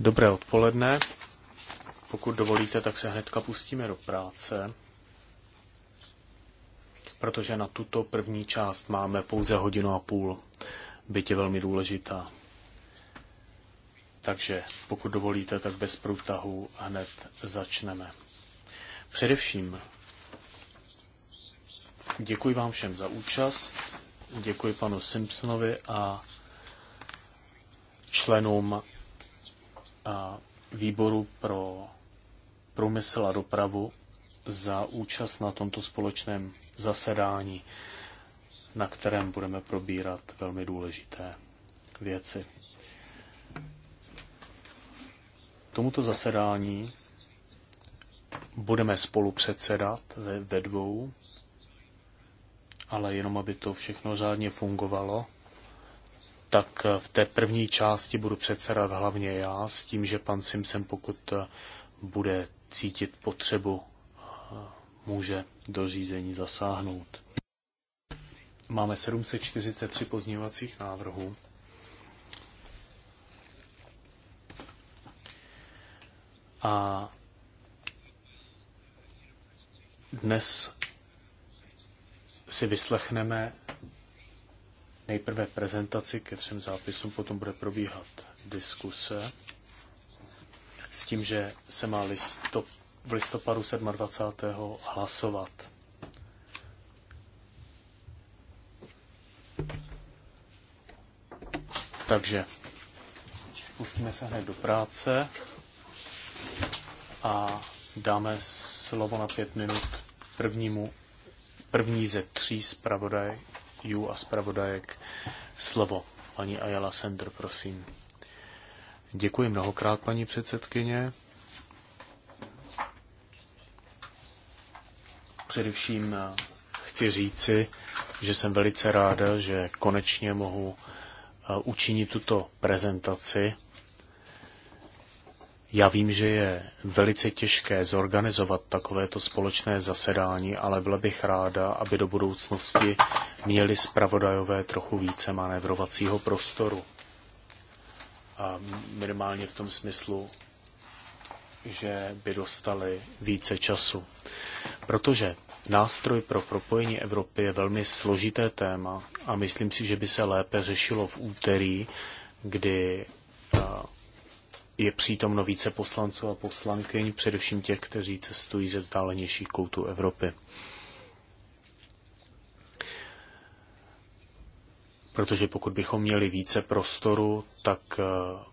Dobré odpoledne. Pokud dovolíte, tak se hnedka pustíme do práce, protože na tuto první část máme pouze hodinu a půl, byť je velmi důležitá. Takže pokud dovolíte, tak bez průtahu hned začneme. Především děkuji vám všem za účast, děkuji panu Simpsonovi a členům výboru pro průmysl a dopravu za účast na tomto společném zasedání, na kterém budeme probírat velmi důležité věci. Tomuto zasedání budeme spolu předsedat ve, ve dvou, ale jenom aby to všechno řádně fungovalo, tak v té první části budu předsedat hlavně já, s tím, že pan Simpson, pokud eh, bude cítit potřebu, eh, může do řízení zasáhnout. Máme 743 pozměňovacích návrhů. A dnes si vyslechneme Nejprve prezentaci ke třem zápisům, potom bude probíhat diskuse s tím, že se má listop, v listopadu 27. hlasovat. Takže pustíme se hned do práce a dáme slovo na pět minut prvnímu, první ze tří zpravodajů zpravodajů a zpravodajek slovo. Paní Ayala Sender, prosím. Děkuji mnohokrát, paní předsedkyně. Především eh, chci říci, že jsem velice ráda, že konečně mohu eh, učinit tuto prezentaci já vím, že je velice těžké zorganizovat takovéto společné zasedání, ale byla bych ráda, aby do budoucnosti měli zpravodajové trochu více manévrovacího prostoru. A minimálně v tom smyslu, že by dostali více času. Protože nástroj pro propojení Evropy je velmi složité téma a myslím si, že by se lépe řešilo v úterý, kdy je přítomno více poslanců a poslankyň, především těch, kteří cestují ze vzdálenějších koutů Evropy. Protože pokud bychom měli více prostoru, tak eh,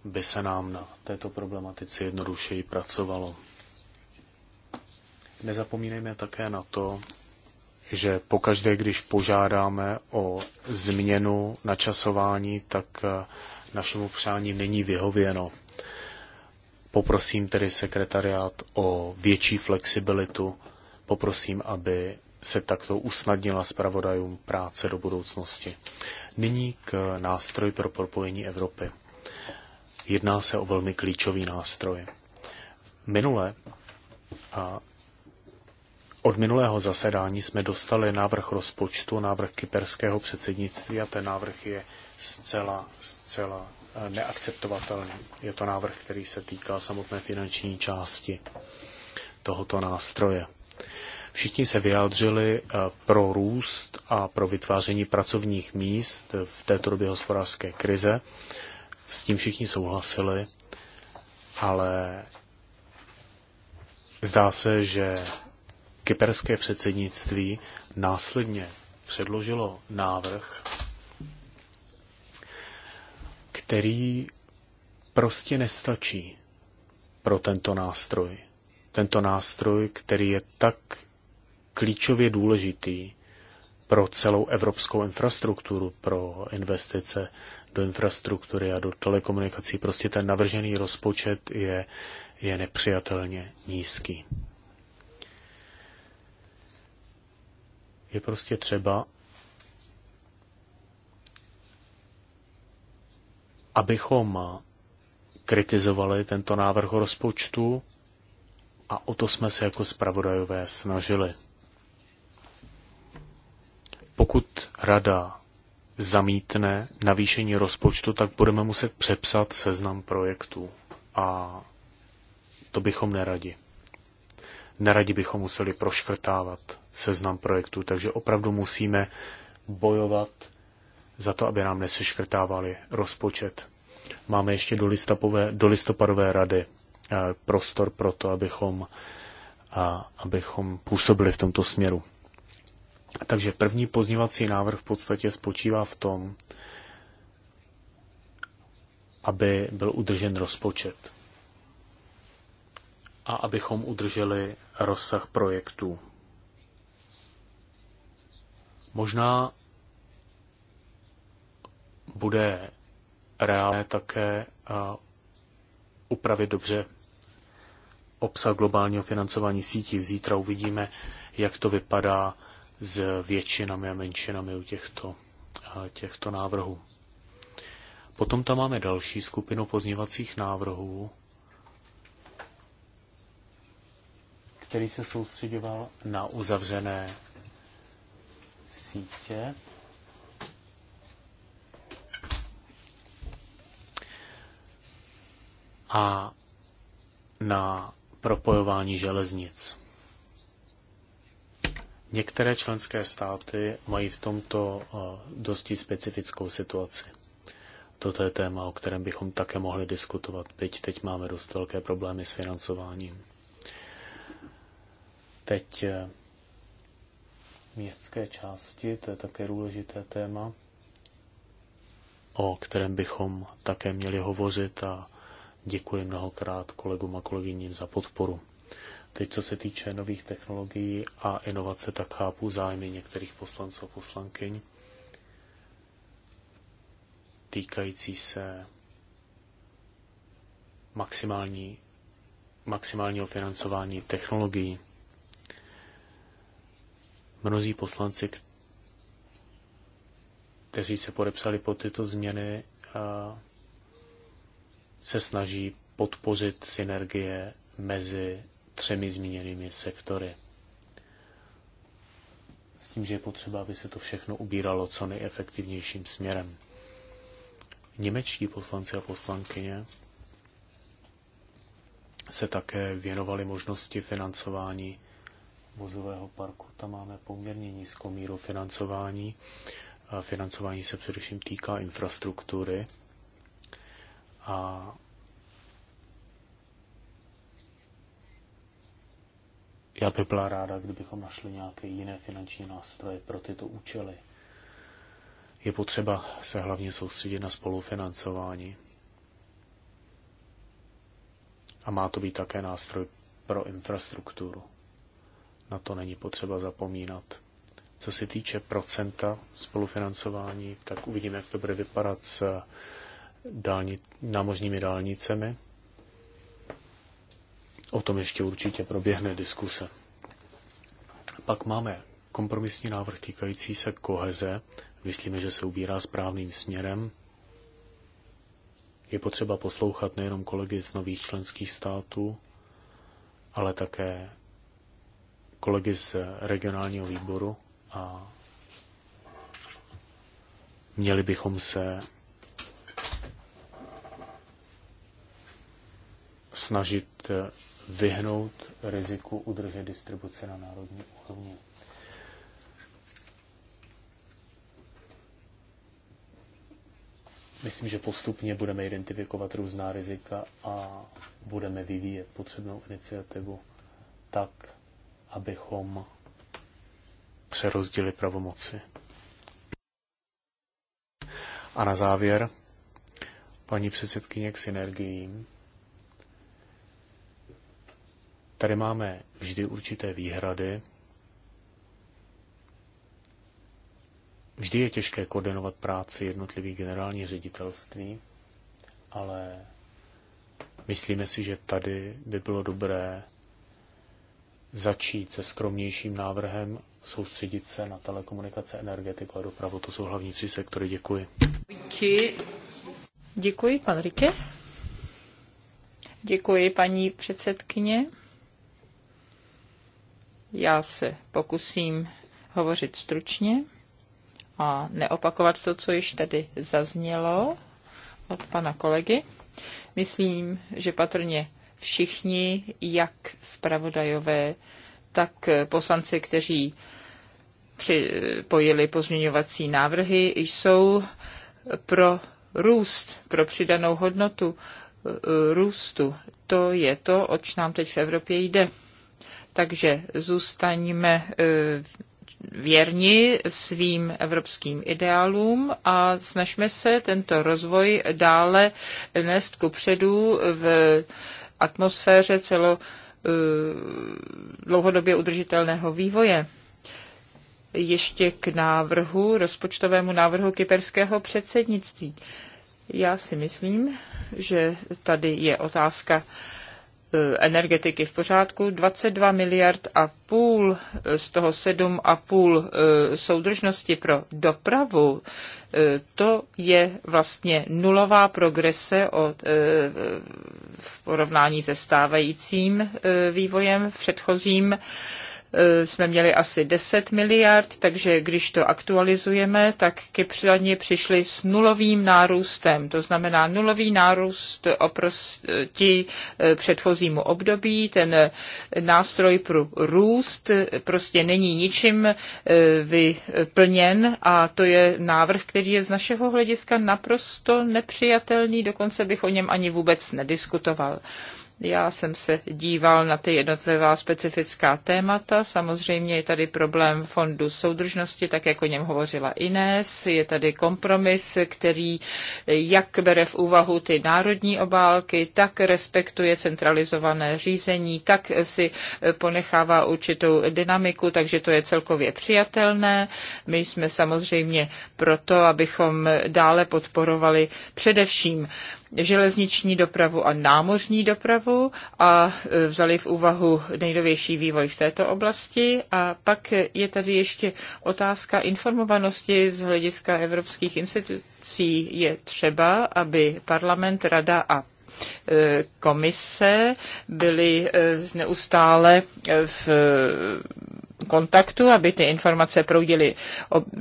by se nám na této problematice jednodušeji pracovalo. Nezapomínejme také na to, že pokaždé, když požádáme o změnu načasování, tak eh, našemu přání není vyhověno. Poprosím tedy sekretariát o větší flexibilitu. Poprosím, aby se takto usnadnila zpravodajům práce do budoucnosti. Nyní k nástroji pro propojení Evropy. Jedná se o velmi klíčový nástroj. Minule a od minulého zasedání jsme dostali návrh rozpočtu, návrh kyperského předsednictví a ten návrh je zcela, zcela neakceptovatelný. Je to návrh, který se týká samotné finanční části tohoto nástroje. Všichni se vyjádřili eh, pro růst a pro vytváření pracovních míst v této době hospodářské krize. S tím všichni souhlasili, ale zdá se, že kyperské předsednictví následně předložilo návrh který prostě nestačí pro tento nástroj. Tento nástroj, který je tak klíčově důležitý pro celou evropskou infrastrukturu, pro investice do infrastruktury a do telekomunikací. Prostě ten navržený rozpočet je, je nepřijatelně nízký. Je prostě třeba, abychom kritizovali tento návrh rozpočtu a o to jsme se jako zpravodajové snažili. Pokud rada zamítne navýšení rozpočtu, tak budeme muset přepsat seznam projektů a to bychom neradi. Neradi bychom museli proškrtávat seznam projektů, takže opravdu musíme bojovat za to, aby nám neseškrtávali rozpočet. Máme ještě do, listopové, do listopadové rady eh, prostor pro to, abychom, a, abychom působili v tomto směru. Takže první pozněvací návrh v podstatě spočívá v tom, aby byl udržen rozpočet a abychom udrželi rozsah projektů. Možná bude reálné také upravit dobře obsah globálního financování sítí. Zítra uvidíme, jak to vypadá s většinami a menšinami u těchto, těchto návrhů. Potom tam máme další skupinu pozněvacích návrhů, který se soustředoval na uzavřené sítě. a na propojování železnic. Některé členské státy mají v tomto eh, dosti specifickou situaci. Toto je téma, o kterém bychom také mohli diskutovat, byť teď máme dost velké problémy s financováním. Teď eh, městské části, to je také důležité téma, o kterém bychom také měli hovořit a Děkuji mnohokrát kolegům a kolegyním za podporu. Teď, co se týče nových technologií a inovace, tak chápu zájmy některých poslanců a poslankyň týkající se maximální, maximálního financování technologií. Mnozí poslanci, kteří se podepsali pod tyto změny, se snaží podpořit synergie mezi třemi zmíněnými sektory. S tím, že je potřeba, aby se to všechno ubíralo co nejefektivnějším směrem. Němečtí poslanci a poslankyně se také věnovali možnosti financování vozového parku. Tam máme poměrně nízkou míru financování. Financování se především týká infrastruktury a já bych byla ráda, kdybychom našli nějaké jiné finanční nástroje pro tyto účely. Je potřeba se hlavně soustředit na spolufinancování. A má to být také nástroj pro infrastrukturu. Na to není potřeba zapomínat. Co se týče procenta spolufinancování, tak uvidíme, jak to bude vypadat s dálni, námořními dálnicemi. O tom ještě určitě proběhne diskuse. Pak máme kompromisní návrh týkající se koheze. Myslíme, že se ubírá správným směrem. Je potřeba poslouchat nejenom kolegy z nových členských států, ale také kolegy z regionálního výboru a měli bychom se snažit eh, vyhnout riziku udržet distribuce na národní úrovni. Myslím, že postupně budeme identifikovat různá rizika a budeme vyvíjet potřebnou iniciativu tak, abychom přerozdili pravomoci. A na závěr, paní předsedkyně k synergiím. Tady máme vždy určité výhrady. Vždy je těžké koordinovat práci jednotlivých generálních ředitelství, ale myslíme si, že tady by bylo dobré začít se skromnějším návrhem, soustředit se na telekomunikace, energetiku a dopravu. To jsou hlavní tři sektory. Děkuji. Děkuji. pan Rike. Děkuji, paní předsedkyně. Já se pokusím hovořit stručně a neopakovat to, co již tady zaznělo od pana kolegy. Myslím, že patrně všichni, jak zpravodajové, tak poslanci, kteří připojili pozměňovací návrhy, jsou pro růst, pro přidanou hodnotu e, růstu. To je to, oč nám teď v Evropě jde. Takže zůstaňme e, věrni svým evropským ideálům a snažme se tento rozvoj dále nést ku předu v atmosféře celo e, dlouhodobě udržitelného vývoje. Ještě k návrhu, rozpočtovému návrhu kyperského předsednictví. Já si myslím, že tady je otázka Eh, energetiky v pořádku, 22 miliard a půl, eh, z toho 7 a půl eh, soudržnosti pro dopravu, to je vlastně nulová progrese od, v porovnání se stávajícím vývojem v předchozím Eh, jsme měli asi 10 miliard, takže když to aktualizujeme, tak Kypřani přišli s nulovým nárůstem. To znamená nulový nárůst oproti eh, předchozímu období. Ten eh, nástroj pro růst prostě není ničím vyplněn a to je návrh, který je z našeho hlediska naprosto nepřijatelný, dokonce bych o něm ani vůbec nediskutoval. Já jsem se díval na ty jednotlivá specifická témata. Samozřejmě je tady problém fondu soudržnosti, tak jako o něm hovořila Inés. Je tady kompromis, který jak bere v úvahu ty národní obálky, tak respektuje centralizované řízení, tak si ponechává určitou dynamiku, takže to je celkově přijatelné. My jsme samozřejmě proto, abychom dále podporovali především železniční dopravu a námořní dopravu a e, vzali v úvahu nejnovější vývoj v této oblasti. A pak je tady ještě otázka informovanosti z hlediska evropských institucí. Je třeba, aby parlament, rada a e, komise byly e, neustále v kontaktu, aby ty informace proudily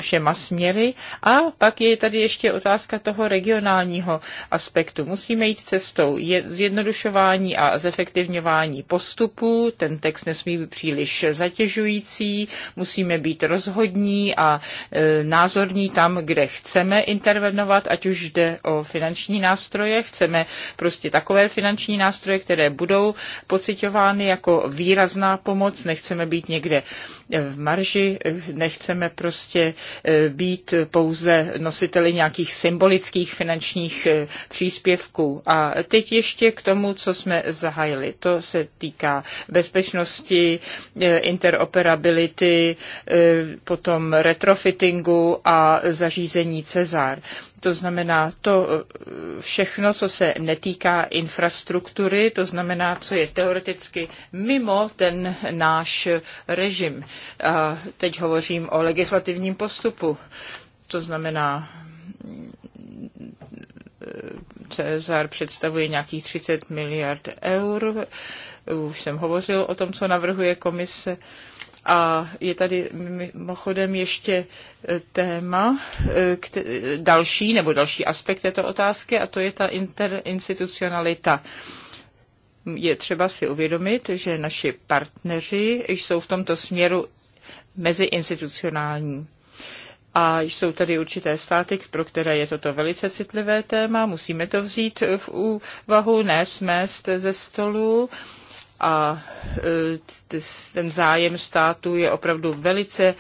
všema směry. A pak je tady ještě otázka toho regionálního aspektu. Musíme jít cestou zjednodušování a zefektivňování postupů. Ten text nesmí být příliš zatěžující. Musíme být rozhodní a e, názorní tam, kde chceme intervenovat, ať už jde o finanční nástroje. Chceme prostě takové finanční nástroje, které budou pocitovány jako výrazná pomoc. Nechceme být někde v marži, nechceme prostě e, být pouze nositeli nějakých symbolických finančních e, příspěvků. A teď ještě k tomu, co jsme zahájili. To se týká bezpečnosti, e, interoperability, potom retrofittingu a zařízení Cezar. To znamená to eh, všechno, co se netýká infrastruktury, to znamená, co je teoreticky mimo ten náš režim. A teď hovořím o legislativním postupu. To znamená, eh, Cezar představuje nějakých 30 miliard eur. Už jsem hovořil o tom, co navrhuje komise. A je tady mimochodem ještě e, téma e, další nebo další aspekt této otázky a to je ta interinstitucionalita. Je třeba si uvědomit, že naši partneři jsou v tomto směru meziinstitucionální. A jsou tady určité státy, pro které je toto velice citlivé téma, musíme to vzít v úvahu, nesmést ze stolu a e, ten zájem státu je opravdu velice e,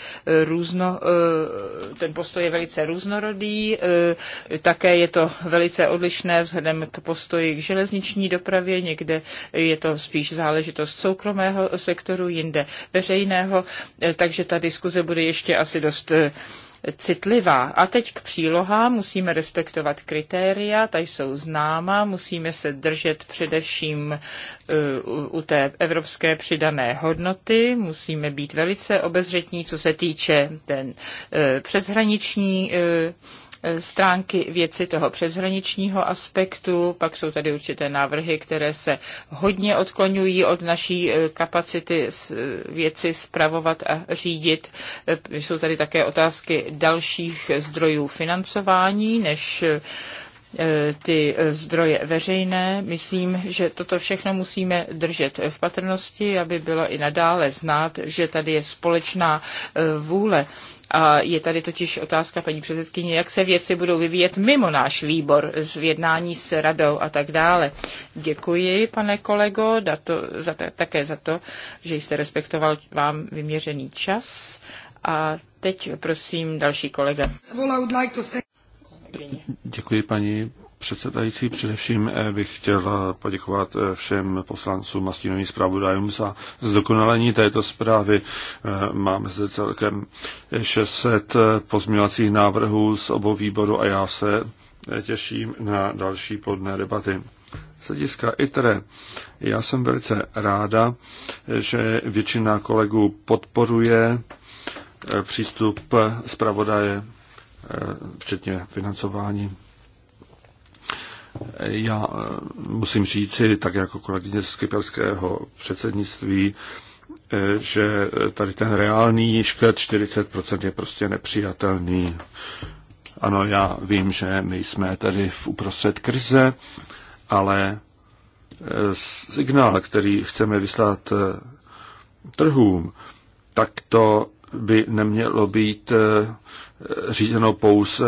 různo, e, ten postoj je velice různorodý, také je to velice odlišné vzhledem k postoji k železniční dopravě, někde je to spíš záležitost soukromého sektoru, jinde veřejného, takže ta diskuze bude ještě asi dost citlivá. A teď k přílohám. Musíme respektovat kritéria, ta jsou známa, musíme se držet především e, u té evropské přidané hodnoty, musíme být velice obezřetní, co se týče ten e, přeshraniční e, Eh, stránky věci toho přeshraničního aspektu, pak jsou tady určité návrhy, které se hodně odklonují od naší eh, kapacity eh, věci zpravovat a řídit. Jsou tady také otázky dalších zdrojů financování, než ty zdroje veřejné. Myslím, že toto všechno musíme držet v patrnosti, aby bylo i nadále znát, že tady je společná vůle a je tady totiž otázka, paní předsedkyně, jak se věci budou vyvíjet mimo náš výbor z jednání s radou a tak dále. Děkuji, pane kolego, to, za te, také za to, že jste respektoval vám vyměřený čas. A teď prosím další kolega. Děkuji, paní předsedající, především eh, bych chtěl eh, poděkovat eh, všem poslancům a stínovým zpravodajům za zdokonalení této zprávy. Máme zde celkem 600 pozměňovacích návrhů z obou výborů a já se těším na další plodné debaty. Z hlediska ITRE já jsem velice ráda, že většina kolegů podporuje přístup zpravodaje, včetně financování já eh, musím říci, tak jako kolegyně z kyperského předsednictví, eh, že tady ten reálný škrt 40% je prostě nepřijatelný. Ano, já vím, že my jsme tady v uprostřed krize, ale eh, signál, který chceme vyslat trhům, tak to by nemělo být řízeno pouze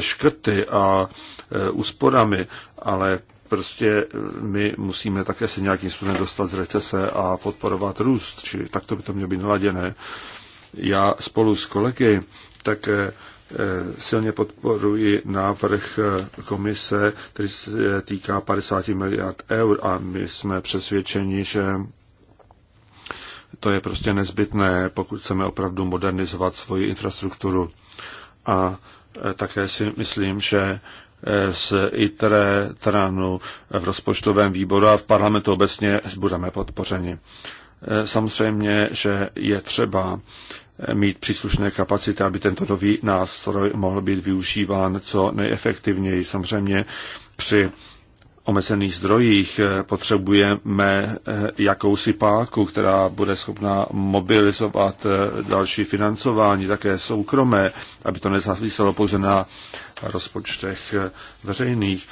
škrty a Eh, úsporami, ale prostě eh, my musíme také se nějakým způsobem dostat z recese a podporovat růst, čili takto by to mělo být naladěné. Já spolu s kolegy také eh, silně podporuji návrh komise, který se týká 50 miliard eur a my jsme přesvědčeni, že to je prostě nezbytné, pokud chceme opravdu modernizovat svoji infrastrukturu. A také si myslím, že Eh, z ITRE, TRANu eh, v rozpočtovém výboru a v parlamentu obecně budeme podpořeni. Eh, samozřejmě, že je třeba mít příslušné kapacity, aby tento nový nástroj mohl být využíván co nejefektivněji. Samozřejmě při omezených zdrojích potřebujeme jakousi páku, která bude schopná mobilizovat další financování, také soukromé, aby to nezáviselo pouze na rozpočtech veřejných.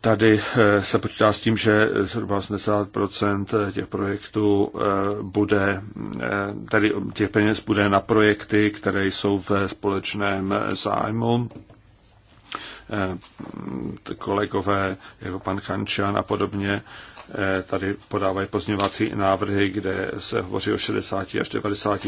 Tady eh, se počítá s tím, že zhruba 80 těch projektů eh, bude, eh, tady těch peněz bude na projekty, které jsou ve společném zájmu. Kolegové jako pan Kančan a podobně tady podávají pozměňovací návrhy, kde se hovoří o 60 až 90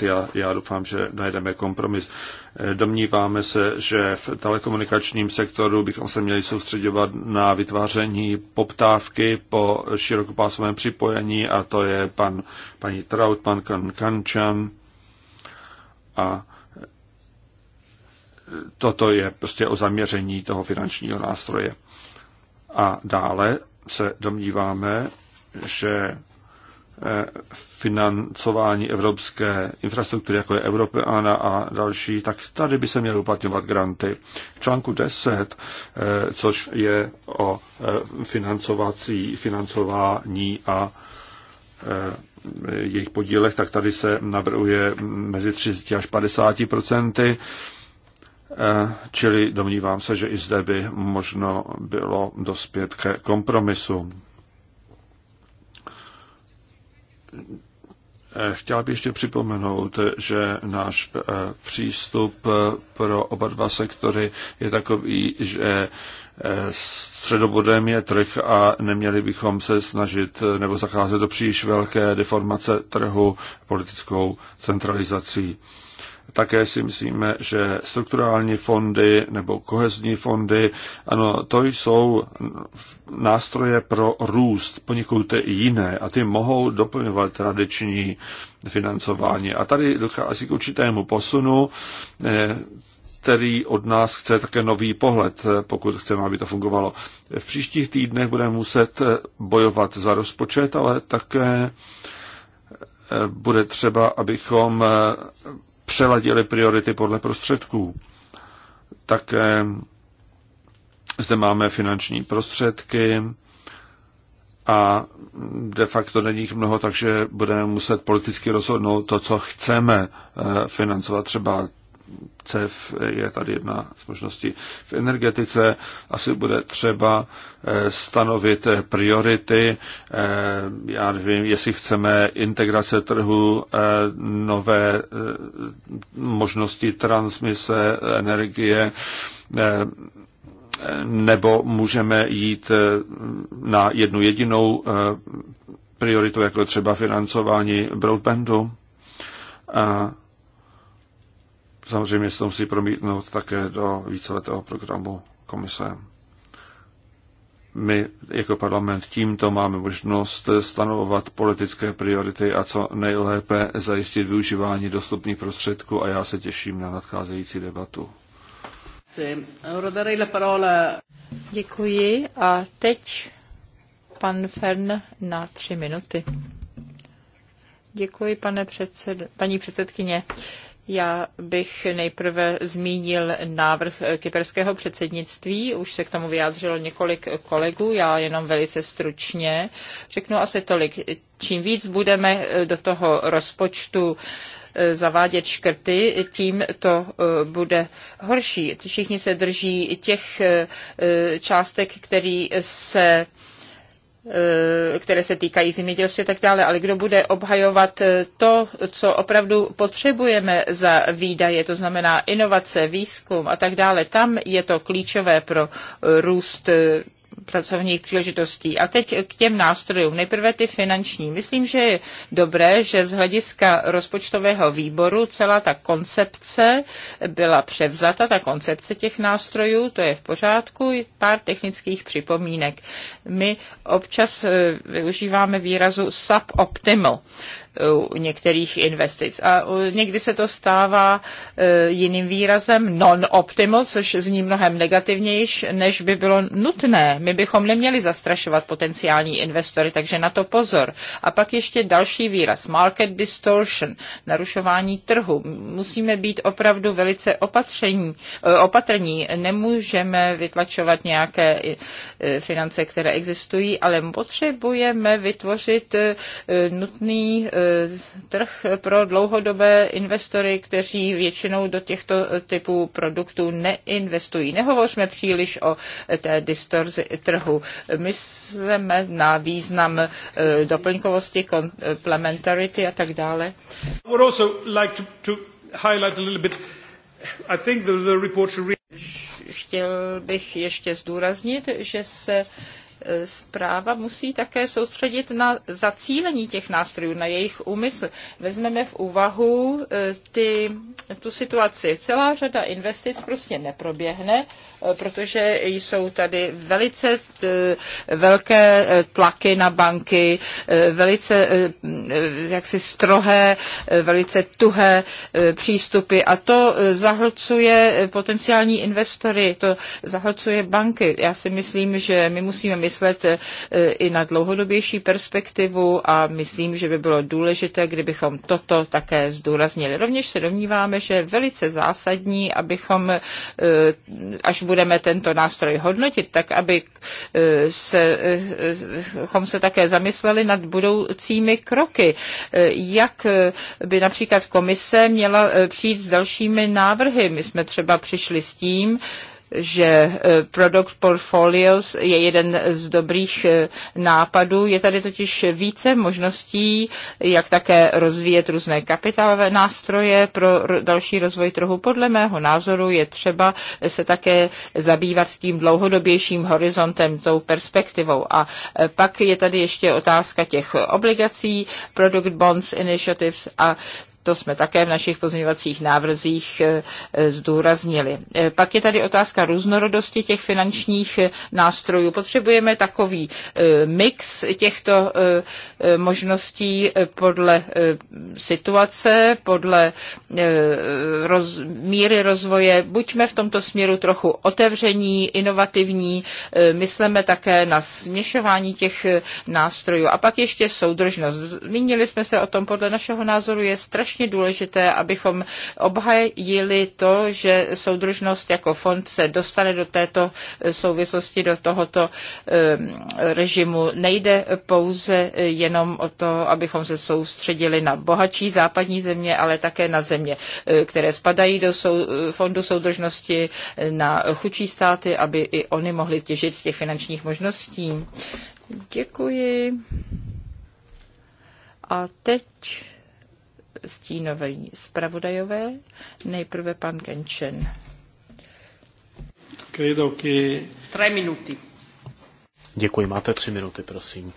já, já doufám, že najdeme kompromis. Eh, domníváme se, že v telekomunikačním sektoru bychom se měli soustředovat na vytváření poptávky po širokopásovém připojení a to je pan, paní Traut, pan kan, Kančan a eh, toto je prostě o zaměření toho finančního nástroje. A dále se domníváme, že Eh, financování evropské infrastruktury, jako je Europeana a další, tak tady by se měly uplatňovat granty. V článku 10, eh, což je o eh, financovací, financování a jejich podílech, tak tady se navrhuje mezi 30 až 50 procenty, čili domnívám se, že i zde by možno bylo dospět ke kompromisu. Chtěl bych ještě připomenout, že náš eh, přístup eh, pro oba dva sektory je takový, že eh, středobodem je trh a neměli bychom se snažit nebo zacházet do příliš velké deformace trhu politickou centralizací. Také si myslíme, že strukturální fondy nebo kohezní fondy, ano, to jsou nástroje pro růst, poněkud jiné a ty mohou doplňovat tradiční financování. A tady dochází k určitému posunu, eh, který od nás chce také nový pohled, eh, pokud chceme, aby to fungovalo. V příštích týdnech budeme muset eh, bojovat za rozpočet, ale také bude třeba, abychom eh, přeladili priority podle prostředků. Také zde máme finanční prostředky a de facto není jich mnoho, takže budeme muset politicky rozhodnout to, co chceme eh, financovat. Třeba CEF je tady jedna z možností. V energetice asi bude třeba eh, stanovit priority. Eh, já nevím, jestli chceme integrace trhu, eh, nové možnosti transmise energie, nebo můžeme jít na jednu jedinou prioritu, jako třeba financování broadbandu samozřejmě se to musí promítnout také do víceletého programu komise. My jako parlament tímto máme možnost stanovovat politické priority a co nejlépe zajistit využívání dostupných prostředků a já se těším na nadcházející debatu. Děkuji a teď pan Fern na tři minuty. Děkuji, pane předsed, paní předsedkyně. Uh, já bych nejprve zmínil návrh eh, kyperského předsednictví. Už se k tomu vyjádřilo několik kolegů, já jenom velice stručně. Řeknu asi tolik. Čím víc budeme eh, do toho rozpočtu eh, zavádět škrty, tím to bude horší. Všichni se drží těch částek, které se Eh, které se týkají zemědělství a tak dále, ale kdo bude obhajovat eh, to, co opravdu potřebujeme za výdaje, to znamená inovace, výzkum a tak dále, tam je to klíčové pro eh, růst pracovních příležitostí. A teď k těm nástrojům. Nejprve ty finanční. Myslím, že je dobré, že z hlediska rozpočtového výboru celá ta koncepce byla převzata, ta koncepce těch nástrojů, to je v pořádku, pár technických připomínek. My občas eh, využíváme výrazu suboptimal u některých investic. A někdy se to stává e, jiným výrazem non-optimal, což zní mnohem negativnější, než by bylo nutné. My bychom neměli zastrašovat potenciální investory, takže na to pozor. A pak ještě další výraz, market distortion, narušování trhu. Musíme být opravdu velice opatření, e, opatrní. Nemůžeme vytlačovat nějaké e, finance, které existují, ale potřebujeme vytvořit nutný trh pro dlouhodobé investory, kteří většinou do těchto typů produktů neinvestují. Nehovořme příliš o té distorzi trhu. Myslíme na význam eh, doplňkovosti, complementarity a tak dále. Chtěl bych ještě zdůraznit, že se E, zpráva musí také soustředit na zacílení těch nástrojů, na jejich úmysl. Vezmeme v úvahu e, ty, tu situaci. Celá řada investic prostě neproběhne, e, protože jsou tady velice velké tlaky na banky, velice jaksi strohé, velice tuhé přístupy a to zahlcuje potenciální investory, to zahlcuje banky. Já si myslím, že my musíme myslet myslet eh, i na dlouhodobější perspektivu a myslím, že by bylo důležité, kdybychom toto také zdůraznili. Rovněž se domníváme, že je velice zásadní, abychom, eh, až budeme tento nástroj hodnotit, tak aby eh, se, chom se také zamysleli nad budoucími kroky. Jak by například komise měla přijít s dalšími návrhy? My jsme třeba přišli s tím, že e, Product Portfolios je jeden z dobrých e, nápadů. Je tady totiž více možností, jak také rozvíjet různé kapitálové nástroje pro další rozvoj trhu. Podle mého názoru je třeba se také zabývat tím dlouhodobějším horizontem, tou perspektivou. A e, pak je tady ještě otázka těch obligací, Product Bonds Initiatives a to jsme také v našich pozměňovacích návrzích eh, eh, zdůraznili. Eh, pak je tady otázka různorodosti těch finančních nástrojů. Potřebujeme takový mix těchto možností podle situace, podle roz, míry rozvoje. Buďme v tomto směru trochu otevření, inovativní, mysleme také na směšování těch nástrojů. A pak ještě soudržnost. Zmínili jsme se o tom, podle našeho názoru je strašně strašně důležité, abychom obhajili to, že soudržnost jako fond se dostane do této eh, souvislosti, do tohoto ehm, režimu. Nejde pouze jenom o to, abychom se soustředili na bohatší západní země, ale také na země, eh, které spadají do sou, eh, fondu soudržnosti, na chudší státy, aby i oni mohli těžit z těch finančních možností. Děkuji. A teď stínové spravodajové. Nejprve pan Kenčen. Credo che... Tre minuty. Děkuji, máte tři minuty, prosím.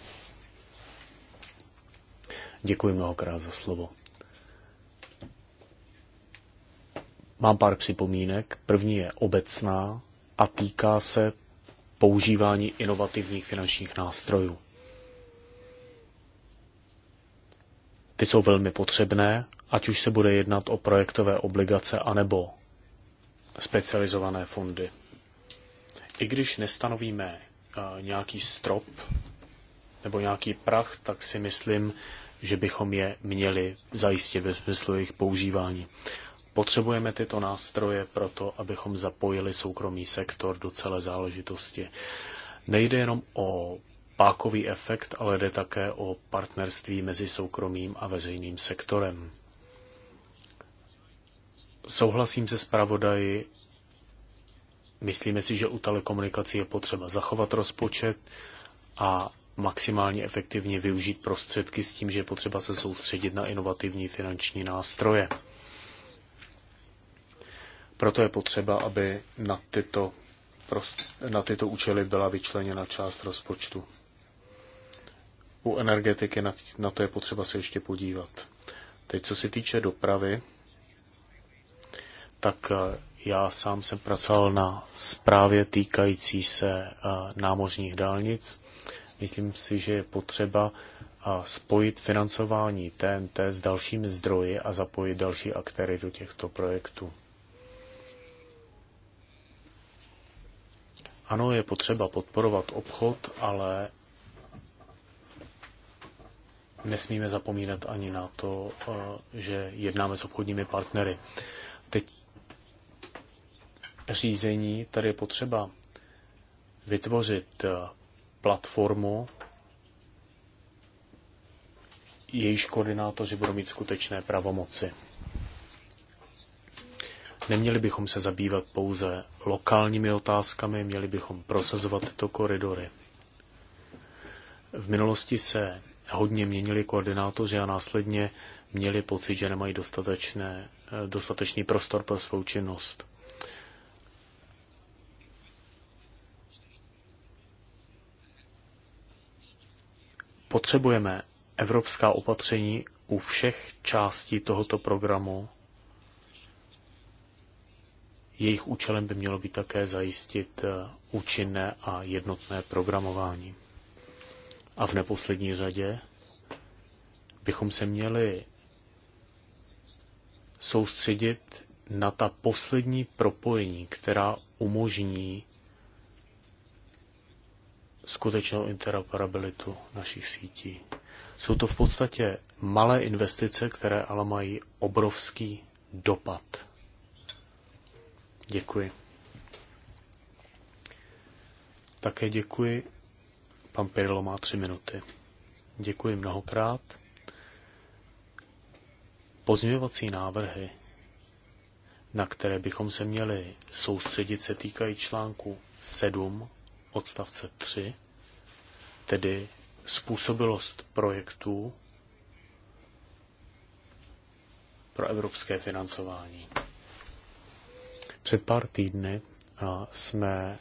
Děkuji mnohokrát za slovo. Mám pár připomínek. První je obecná a týká se používání inovativních finančních nástrojů. Ty jsou velmi potřebné, ať už se bude jednat o projektové obligace anebo specializované fondy. I když nestanovíme eh, nějaký strop nebo nějaký prach, tak si myslím, že bychom je měli zajistit ve smyslu jejich používání. Potřebujeme tyto nástroje proto, abychom zapojili soukromý sektor do celé záležitosti. Nejde jenom o pákový efekt, ale jde také o partnerství mezi soukromým a veřejným sektorem. Souhlasím se zpravodaji, myslíme si, že u telekomunikací je potřeba zachovat rozpočet a maximálně efektivně využít prostředky s tím, že je potřeba se soustředit na inovativní finanční nástroje. Proto je potřeba, aby na tyto, na tyto účely byla vyčleněna část rozpočtu u energetiky, na to je potřeba se ještě podívat. Teď, co se týče dopravy, tak eh, já sám jsem pracoval na zprávě týkající se eh, námořních dálnic. Myslím si, že je potřeba eh, spojit financování TNT s dalšími zdroji a zapojit další aktéry do těchto projektů. Ano, je potřeba podporovat obchod, ale nesmíme zapomínat ani na to, eh, že jednáme s obchodními partnery. Teď řízení, tady je potřeba vytvořit eh, platformu, jejíž koordinátoři budou mít skutečné pravomoci. Neměli bychom se zabývat pouze lokálními otázkami, měli bychom prosazovat tyto koridory. V minulosti se hodně měnili koordinátoři a následně měli pocit, že nemají dostatečné, eh, dostatečný prostor pro svou činnost. Potřebujeme evropská opatření u všech částí tohoto programu. Jejich účelem by mělo být také zajistit eh, účinné a jednotné programování. A v neposlední řadě bychom se měli soustředit na ta poslední propojení, která umožní skutečnou interoperabilitu našich sítí. Jsou to v podstatě malé investice, které ale mají obrovský dopad. Děkuji. Také děkuji Pan Pirilo má tři minuty. Děkuji mnohokrát. Pozměňovací návrhy, na které bychom se měli soustředit, se týkají článku 7 odstavce 3, tedy způsobilost projektů pro evropské financování. Před pár týdny jsme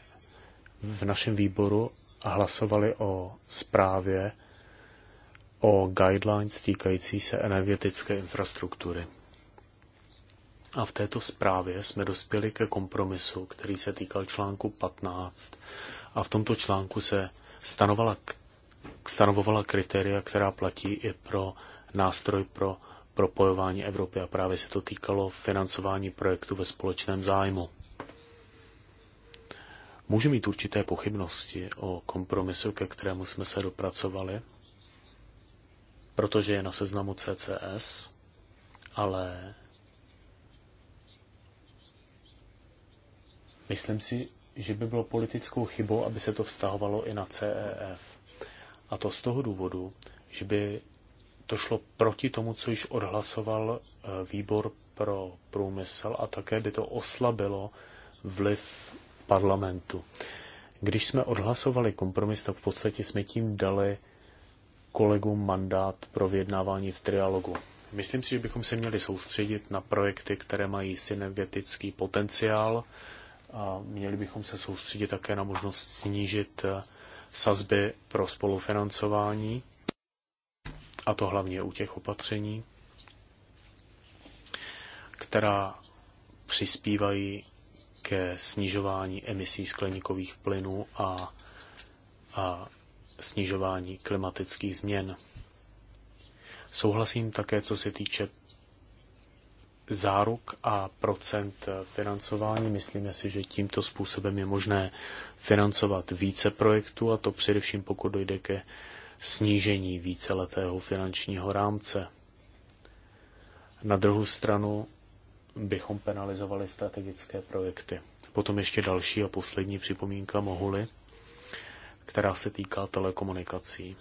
v našem výboru hlasovali o zprávě o guidelines týkající se energetické infrastruktury. A v této zprávě jsme dospěli ke kompromisu, který se týkal článku 15. A v tomto článku se stanovala, stanovovala kritéria, která platí i pro nástroj pro propojování Evropy. A právě se to týkalo financování projektu ve společném zájmu. Můžu mít určité pochybnosti o kompromisu, ke kterému jsme se dopracovali, protože je na seznamu CCS, ale myslím si, že by bylo politickou chybou, aby se to vztahovalo i na CEF. A to z toho důvodu, že by to šlo proti tomu, co již odhlasoval e, výbor pro průmysl a také by to oslabilo vliv parlamentu. Když jsme odhlasovali kompromis, tak v podstatě jsme tím dali kolegům mandát pro vyjednávání v trialogu. Myslím si, že bychom se měli soustředit na projekty, které mají synergetický potenciál a měli bychom se soustředit také na možnost snížit eh, sazby pro spolufinancování, a to hlavně u těch opatření, která přispívají ke snižování emisí skleníkových plynů a, a snižování klimatických změn. Souhlasím také, co se týče záruk a procent financování. Myslíme si, že tímto způsobem je možné financovat více projektů, a to především pokud dojde ke snížení víceletého finančního rámce. Na druhou stranu bychom penalizovali strategické projekty. Potom ještě další a poslední připomínka mohuly, která se týká telekomunikací.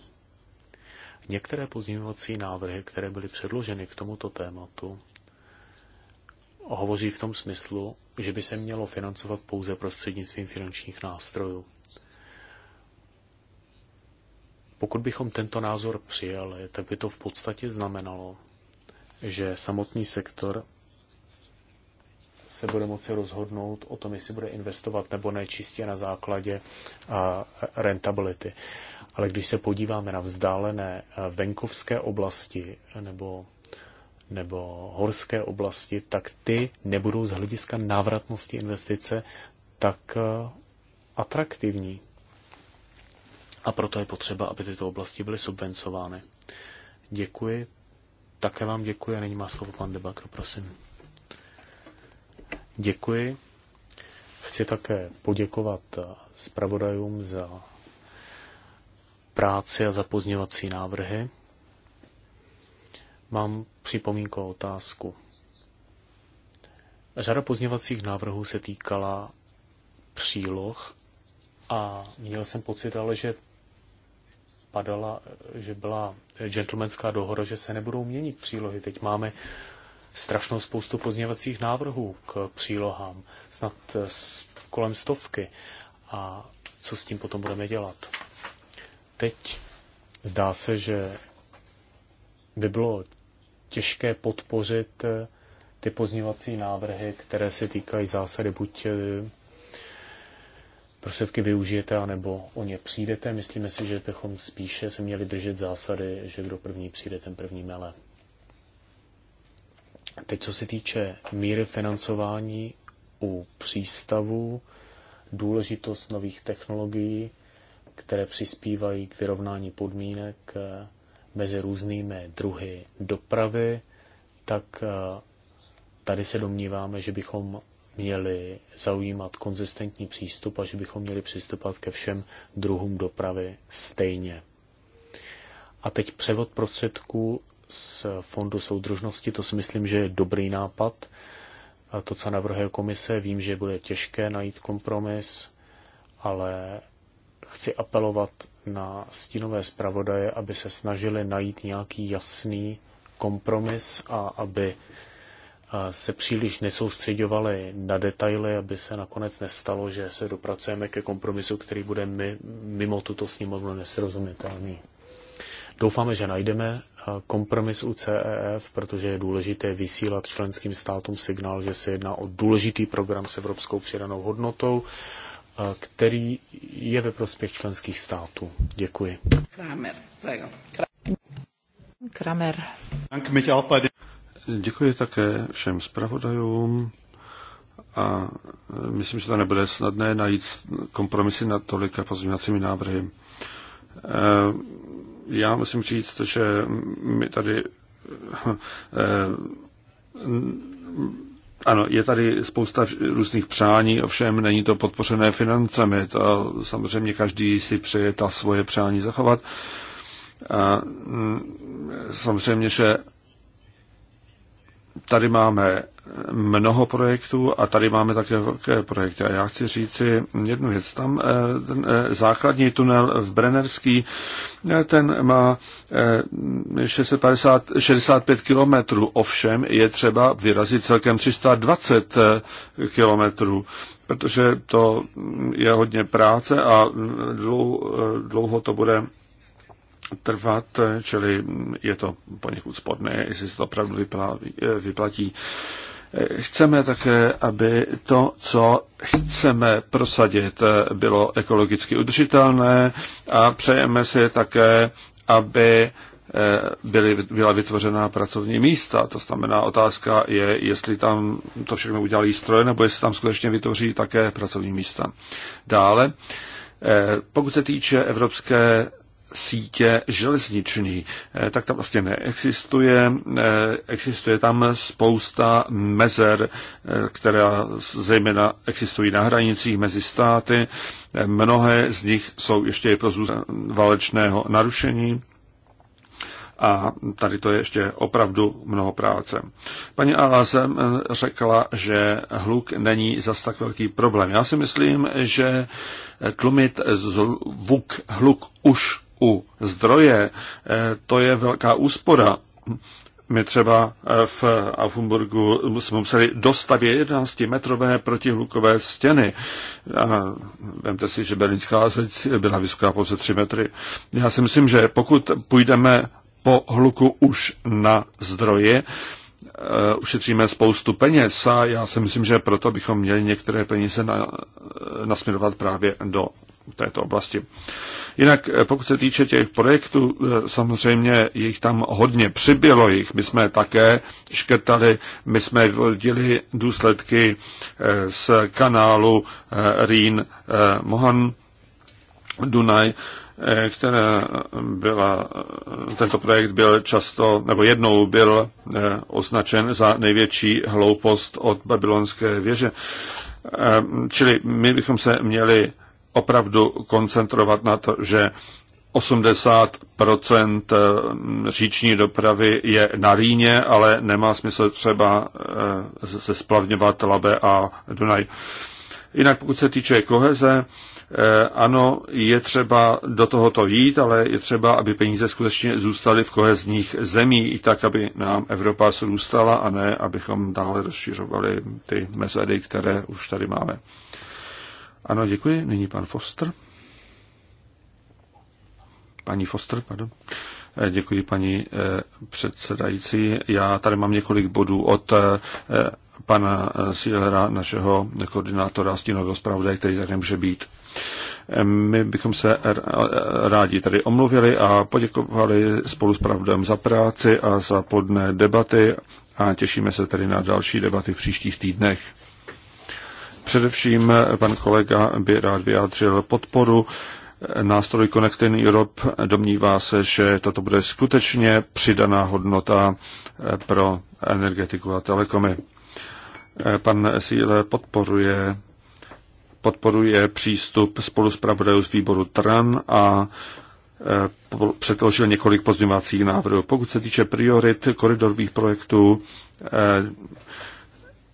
Některé pozměňovací návrhy, které byly předloženy k tomuto tématu, hovoří v tom smyslu, že by se mělo financovat pouze prostřednictvím finančních nástrojů. Pokud bychom tento názor přijali, tak by to v podstatě znamenalo, že samotný sektor se bude moci rozhodnout o tom, jestli bude investovat nebo ne čistě na základě rentability. Ale když se podíváme na vzdálené venkovské oblasti nebo, nebo horské oblasti, tak ty nebudou z hlediska návratnosti investice tak atraktivní. A proto je potřeba, aby tyto oblasti byly subvencovány. Děkuji. Také vám děkuji a nyní má slovo pan Debakr, prosím. Děkuji. Chci také poděkovat zpravodajům za práci a za pozněvací návrhy. Mám připomínku a otázku. Řada pozněvacích návrhů se týkala příloh a měl jsem pocit ale, že padala, že byla gentlemanská dohoda, že se nebudou měnit přílohy. Teď máme strašnou spoustu pozněvacích návrhů k přílohám, snad eh, kolem stovky. A co s tím potom budeme dělat? Teď zdá se, že by bylo těžké podpořit eh, ty pozněvací návrhy, které se týkají zásady buď eh, prostředky využijete, anebo o ně přijdete. Myslíme si, že bychom spíše se měli držet zásady, že kdo první přijde, ten první mele. Teď, co se týče míry financování u přístavů, důležitost nových technologií, které přispívají k vyrovnání podmínek eh, mezi různými druhy dopravy, tak eh, tady se domníváme, že bychom měli zaujímat konzistentní přístup a že bychom měli přistupovat ke všem druhům dopravy stejně. A teď převod prostředků z Fondu soudržnosti, to si myslím, že je dobrý nápad. A to, co navrhuje komise, vím, že bude těžké najít kompromis, ale chci apelovat na stínové zpravodaje, aby se snažili najít nějaký jasný kompromis a aby se příliš nesoustředovali na detaily, aby se nakonec nestalo, že se dopracujeme ke kompromisu, který bude mimo tuto sněmovnu nesrozumitelný. Doufáme, že najdeme kompromis u CEF, protože je důležité vysílat členským státům signál, že se jedná o důležitý program s evropskou přidanou hodnotou, který je ve prospěch členských států. Děkuji. Kramer, Kramer. Děkuji také všem zpravodajům a myslím, že to nebude snadné najít kompromisy nad tolika pozměňovacími návrhy já musím říct, že my tady eh, ano, je tady spousta různých přání, ovšem není to podpořené financemi. To samozřejmě každý si přeje ta svoje přání zachovat. A, mm, samozřejmě, že tady máme mnoho projektů a tady máme také velké projekty. A já chci říci jednu věc. Tam eh, ten eh, základní tunel v Brennerský, eh, ten má 650, 65 kilometrů, ovšem je třeba vyrazit celkem 320 kilometrů, protože to je hodně práce a dlouho, dlouho to bude trvat, čili je to poněkud spodné, jestli se to opravdu vyplatí. Chceme také, aby to, co chceme prosadit, bylo ekologicky udržitelné a přejeme si také, aby eh, byly, byla vytvořena pracovní místa. To znamená, otázka je, jestli tam to všechno udělají stroje, nebo jestli tam skutečně vytvoří také pracovní místa. Dále, eh, pokud se týče Evropské sítě železniční, eh, tak tam vlastně neexistuje. Eh, existuje tam spousta mezer, eh, která zejména existují na hranicích mezi státy. Mnohé z nich jsou ještě pro válečného narušení a tady to je ještě opravdu mnoho práce. Paní Alázem řekla, že hluk není zas tak velký problém. Já si myslím, že tlumit zvuk, hluk už u zdroje, eh, to je velká úspora. My třeba eh, v Afumburgu jsme museli dostavět 11-metrové protihlukové stěny. A vemte si, že berlínská zeď byla vysoká pouze 3 metry. Já si myslím, že pokud půjdeme po hluku už na zdroje, eh, ušetříme spoustu peněz a já si myslím, že proto bychom měli některé peníze na, nasměrovat právě do této oblasti. Jinak eh, pokud se týče těch projektů, eh, samozřejmě jich tam hodně přibylo, jich my jsme také škrtali, my jsme vyvodili důsledky eh, z kanálu rín mohan Dunaj, která byla, tento projekt byl často, nebo jednou byl označen za největší hloupost od babylonské věže. Čili my bychom se měli opravdu koncentrovat na to, že 80 eh, říční dopravy je na Rýně, ale nemá smysl třeba eh, se splavňovat Labe a Dunaj. Jinak pokud se týče koheze, eh, ano, je třeba do tohoto jít, ale je třeba, aby peníze skutečně zůstaly v kohezních zemích, tak, aby nám Evropa zrůstala a ne, abychom dále rozšiřovali ty mezady, které už tady máme. Ano, děkuji. Nyní pan Foster. Paní Foster, pardon. Eh, děkuji, paní eh, předsedající. Já tady mám několik bodů od eh, pana Sielera, našeho koordinátora stínového zpravodaje, který tady nemůže být. My bychom se rádi tady omluvili a poděkovali spolu s pravdem za práci a za podné debaty a těšíme se tedy na další debaty v příštích týdnech. Především eh, pan kolega by rád vyjádřil podporu eh, nástroj Connecting Europe. Domnívá se, že toto bude skutečně přidaná hodnota eh, pro energetiku a telekomy. Pan Síle podporuje podporuje přístup spolu s z výboru TRAN a předložil několik pozměňovacích návrhů. Pokud se týče priorit koridorových projektů,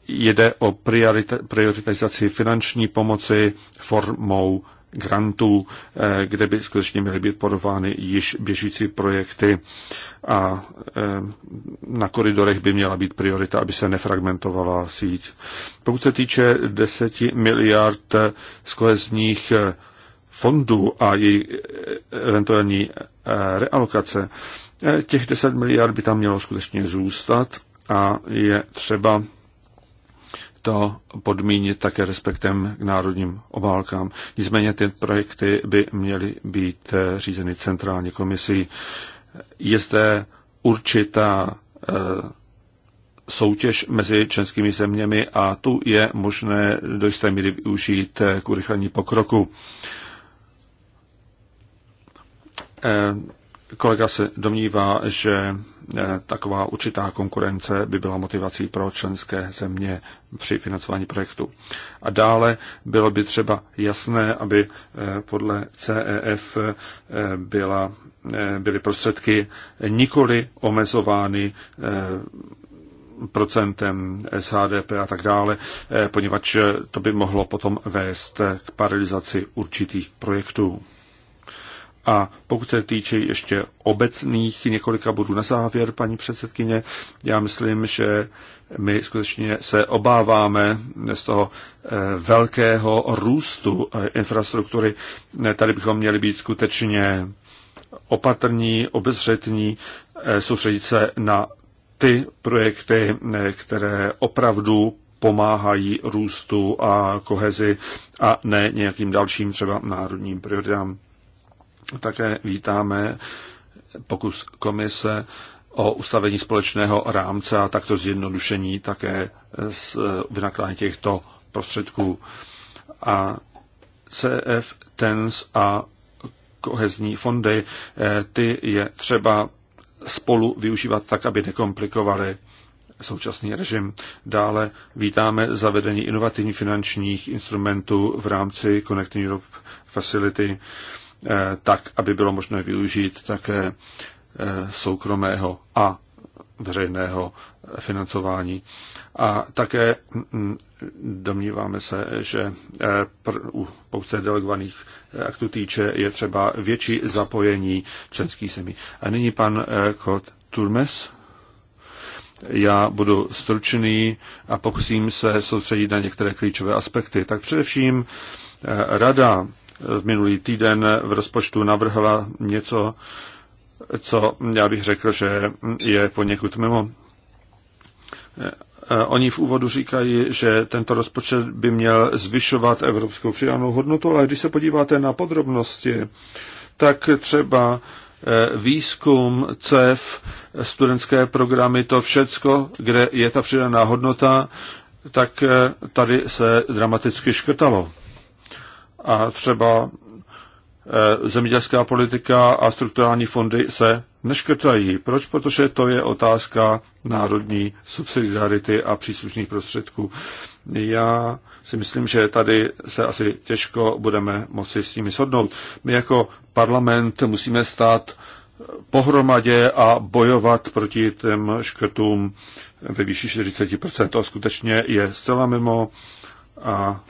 jde o prioritizaci finanční pomoci formou grantů, eh, kde by skutečně měly být podovány již běžící projekty a eh, na koridorech by měla být priorita, aby se nefragmentovala síť. Pokud se týče 10 miliard eh, z kohezních fondů a její eventuální realokace, těch 10 miliard by tam mělo skutečně zůstat a je třeba to podmínit také respektem k národním obálkám. Nicméně ty projekty by měly být eh, řízeny centrální komisí. Je zde určitá eh, soutěž mezi českými zeměmi a tu je možné do jisté míry využít eh, k urychlení pokroku kolega se domnívá, že eh, taková určitá konkurence by byla motivací pro členské země při financování projektu. A dále bylo by třeba jasné, aby eh, podle CEF eh, byla, byly prostředky nikoli omezovány procentem SHDP a tak dále, poněvadž to by mohlo potom vést k paralizaci určitých projektů. A pokud se týče ještě obecných několika bodů na závěr, paní předsedkyně, já myslím, že my skutečně se obáváme z toho eh, velkého růstu eh, infrastruktury. Tady bychom měli být skutečně opatrní, obezřetní, eh, soustředit se na ty projekty, které opravdu pomáhají růstu a kohezi a ne nějakým dalším třeba národním prioritám. Také vítáme pokus komise o ustavení společného rámce a takto zjednodušení také z eh, vynakládání těchto prostředků. A CF, TENS a kohezní fondy, eh, ty je třeba spolu využívat tak, aby nekomplikovaly současný režim. Dále vítáme zavedení inovativních finančních instrumentů v rámci Connecting Europe Facility. Eh, tak aby bylo možné využít také eh, soukromého a veřejného financování. A také hm, domníváme se, že eh, u pouze delegovaných aktů týče je třeba větší zapojení členských zemí. A nyní pan Kot Turmes. Já budu stručný a pokusím se soustředit na některé klíčové aspekty. Tak především rada v minulý týden v rozpočtu navrhla něco, co já bych řekl, že je poněkud mimo. Eh, eh, oni v úvodu říkají, že tento rozpočet by měl zvyšovat evropskou přidanou hodnotu, ale když se podíváte na podrobnosti, tak třeba eh, výzkum, CEF, studentské programy, to všecko, kde je ta přidaná hodnota, tak tady se dramaticky škrtalo a třeba eh, zemědělská politika a strukturální fondy se neškrtají. Proč? Protože to je otázka národní subsidiarity a příslušných prostředků. Já si myslím, že tady se asi těžko budeme moci s nimi shodnout. My jako parlament musíme stát pohromadě a bojovat proti těm škrtům ve výši 40%. To skutečně je zcela mimo a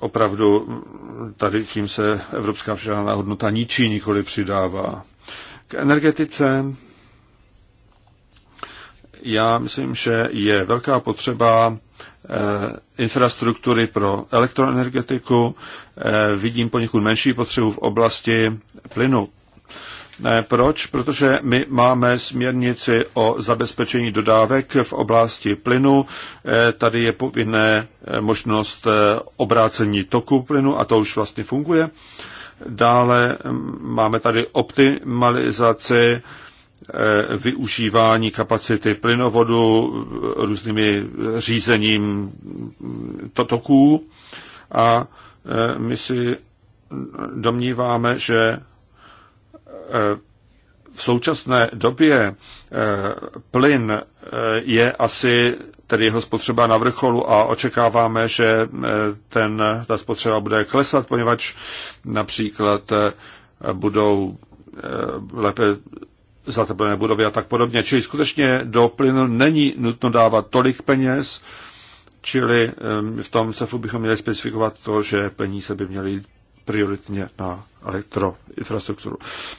opravdu tady tím se evropská přidaná hodnota ničí, nikoli přidává. K energetice já myslím, že je velká potřeba eh, infrastruktury pro elektroenergetiku. Eh, vidím poněkud menší potřebu v oblasti plynu. Proč? Protože my máme směrnici o zabezpečení dodávek v oblasti plynu. Eh, tady je povinné eh, možnost eh, obrácení toku plynu a to už vlastně funguje. Dále mm, máme tady optimalizaci využívání kapacity plynovodu různými řízením mm, toků a my si domníváme, že v současné době eh, plyn eh, je asi, tedy jeho spotřeba na vrcholu a očekáváme, že eh, ten, ta spotřeba bude klesat, poněvadž například budou lépe zateplené budovy a tak podobně. Čili skutečně do plynu není nutno dávat tolik peněz, čili v tom CEFu bychom měli specifikovat to, že peníze by měly prioritně na elektroinfrastrukturu.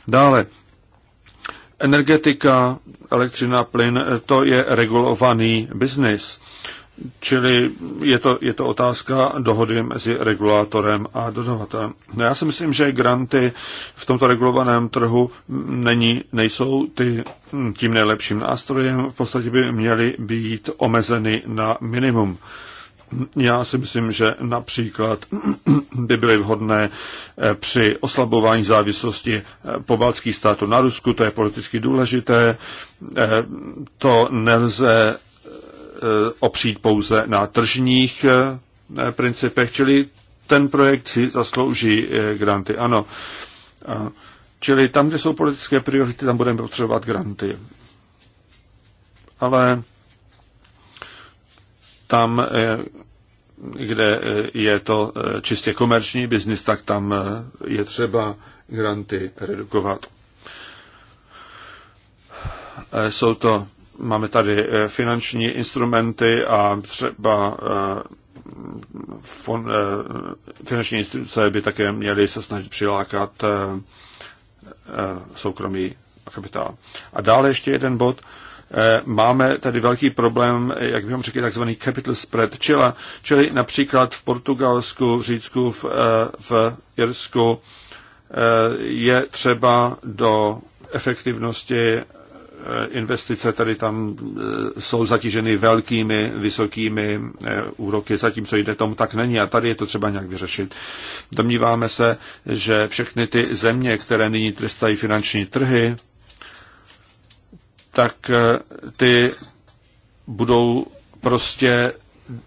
Dále, energetika, elektřina, plyn, to je regulovaný biznis. Čili je to, je to otázka dohody mezi regulátorem a dodavatelem. No, já si myslím, že granty v tomto regulovaném trhu není, nejsou ty, hm, tím nejlepším nástrojem. V podstatě by měly být omezeny na minimum. Já si myslím, že například by byly vhodné eh, při oslabování závislosti eh, pobaltských států na Rusku, to je politicky důležité, eh, to nelze opřít pouze na tržních principech, čili ten projekt si zaslouží granty, ano. Čili tam, kde jsou politické priority, tam budeme potřebovat granty. Ale tam, eh, kde eh, je to eh, čistě komerční biznis, tak tam je třeba granty redukovat. Jsou to, máme tady finanční instrumenty a třeba finanční instituce by také měly se snažit přilákat soukromý kapitál. A dále ještě jeden bod. Eh, máme tady velký problém, jak bychom řekli, takzvaný capital spread, čila, čili například v Portugalsku, v Řícku, v, eh, v Irsku eh, je třeba do efektivnosti investice tady tam jsou zatíženy velkými, vysokými úroky, zatímco jde tomu tak není a tady je to třeba nějak vyřešit. Domníváme se, že všechny ty země, které nyní trestají finanční trhy, tak eh, ty budou prostě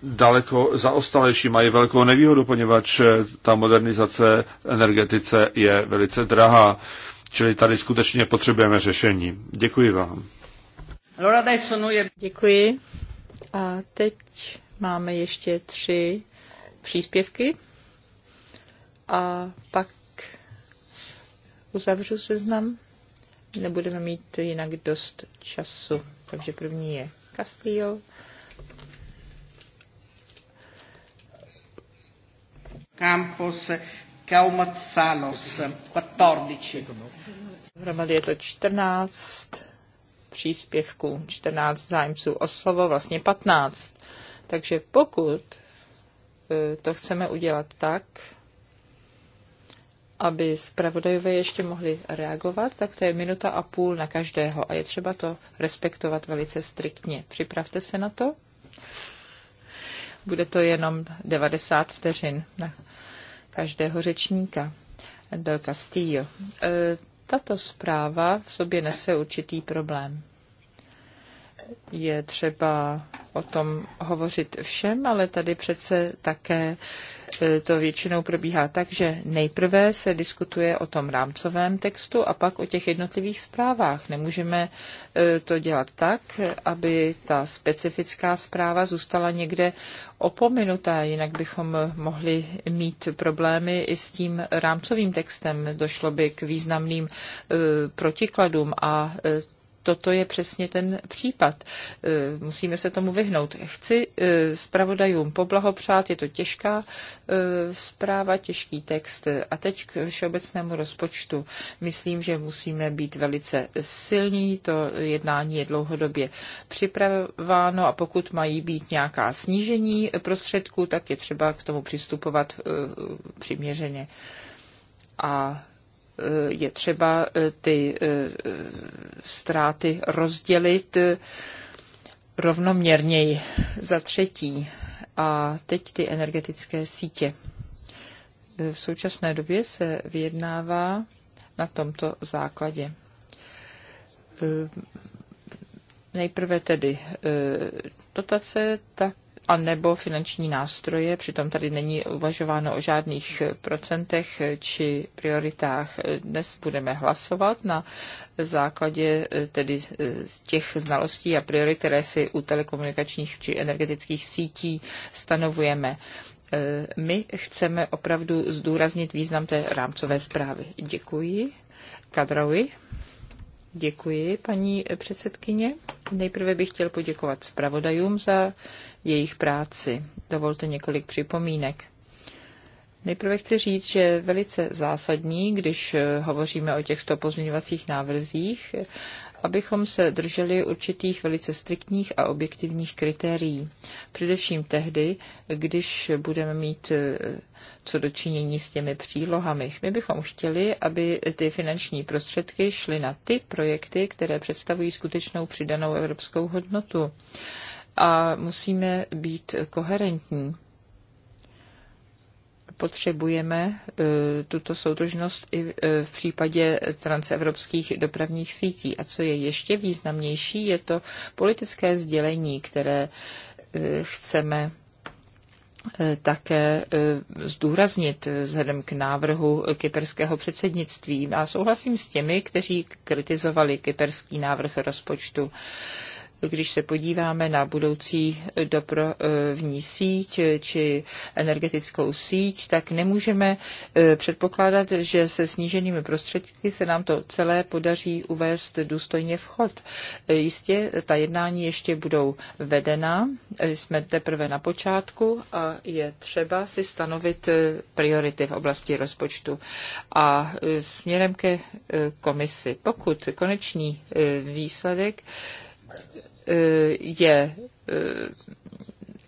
daleko zaostalejší, mají velkou nevýhodu, poněvadž eh, ta modernizace energetice je velice drahá. Čili tady skutečně potřebujeme řešení. Děkuji vám. Děkuji. A teď máme ještě tři příspěvky a pak uzavřu seznam nebudeme mít jinak dost času. Takže první je Castillo. Campos Kaumatsalos, 14. Hromady je to 14 příspěvků, 14 zájemců o slovo, vlastně 15. Takže pokud eh, to chceme udělat tak, aby zpravodajové ještě mohli reagovat, tak to je minuta a půl na každého a je třeba to respektovat velice striktně. Připravte se na to. Bude to jenom 90 vteřin na každého řečníka. Del Castillo. E, tato zpráva v sobě nese určitý problém. Je třeba o tom hovořit všem, ale tady přece také E, to většinou probíhá tak, že nejprve se diskutuje o tom rámcovém textu a pak o těch jednotlivých zprávách. Nemůžeme e, to dělat tak, aby ta specifická zpráva zůstala někde opominutá, jinak bychom mohli mít problémy i s tím rámcovým textem. Došlo by k významným e, protikladům a toto je přesně ten případ. E, musíme se tomu vyhnout. Chci e, zpravodajům poblahopřát, je to těžká e, zpráva, těžký text. A teď k všeobecnému rozpočtu. Myslím, že musíme být velice silní, to jednání je dlouhodobě připravováno a pokud mají být nějaká snížení prostředků, tak je třeba k tomu přistupovat přiměřeně. A je třeba eh, ty eh, ztráty rozdělit eh, rovnoměrněji. Za třetí, a teď ty energetické sítě. V současné době se vyjednává na tomto základě. Nejprve tedy dotace, tak anebo finanční nástroje, přitom tady není uvažováno o žádných procentech či prioritách. Dnes budeme hlasovat na základě eh, tedy eh, těch znalostí a priorit, které si u telekomunikačních či energetických sítí stanovujeme. Eh, my chceme opravdu zdůraznit význam té rámcové zprávy. Děkuji. Kadrovi. Děkuji, paní předsedkyně. Nejprve bych chtěl poděkovat zpravodajům za jejich práci. Dovolte několik připomínek. Nejprve chci říct, že velice zásadní, když hovoříme o těchto pozměňovacích návrzích, abychom se drželi určitých velice striktních a objektivních kritérií. Především tehdy, když budeme mít eh, co dočinění s těmi přílohami. My bychom chtěli, aby ty finanční prostředky šly na ty projekty, které představují skutečnou přidanou evropskou hodnotu. A musíme být koherentní potřebujeme e, tuto soudržnost i e, v případě transevropských dopravních sítí. A co je ještě významnější, je to politické sdělení, které e, chceme také zdůraznit vzhledem k návrhu kyperského předsednictví. A souhlasím s těmi, kteří kritizovali kyperský návrh rozpočtu když se podíváme na budoucí eh, dopravní eh, síť eh, či energetickou síť, tak nemůžeme předpokládat, že se sníženými prostředky se nám to celé podaří uvést důstojně v chod. Jistě ta jednání ještě budou vedena, jsme teprve na počátku a je třeba si stanovit priority v oblasti rozpočtu. A směrem ke komisi, pokud konečný výsledek je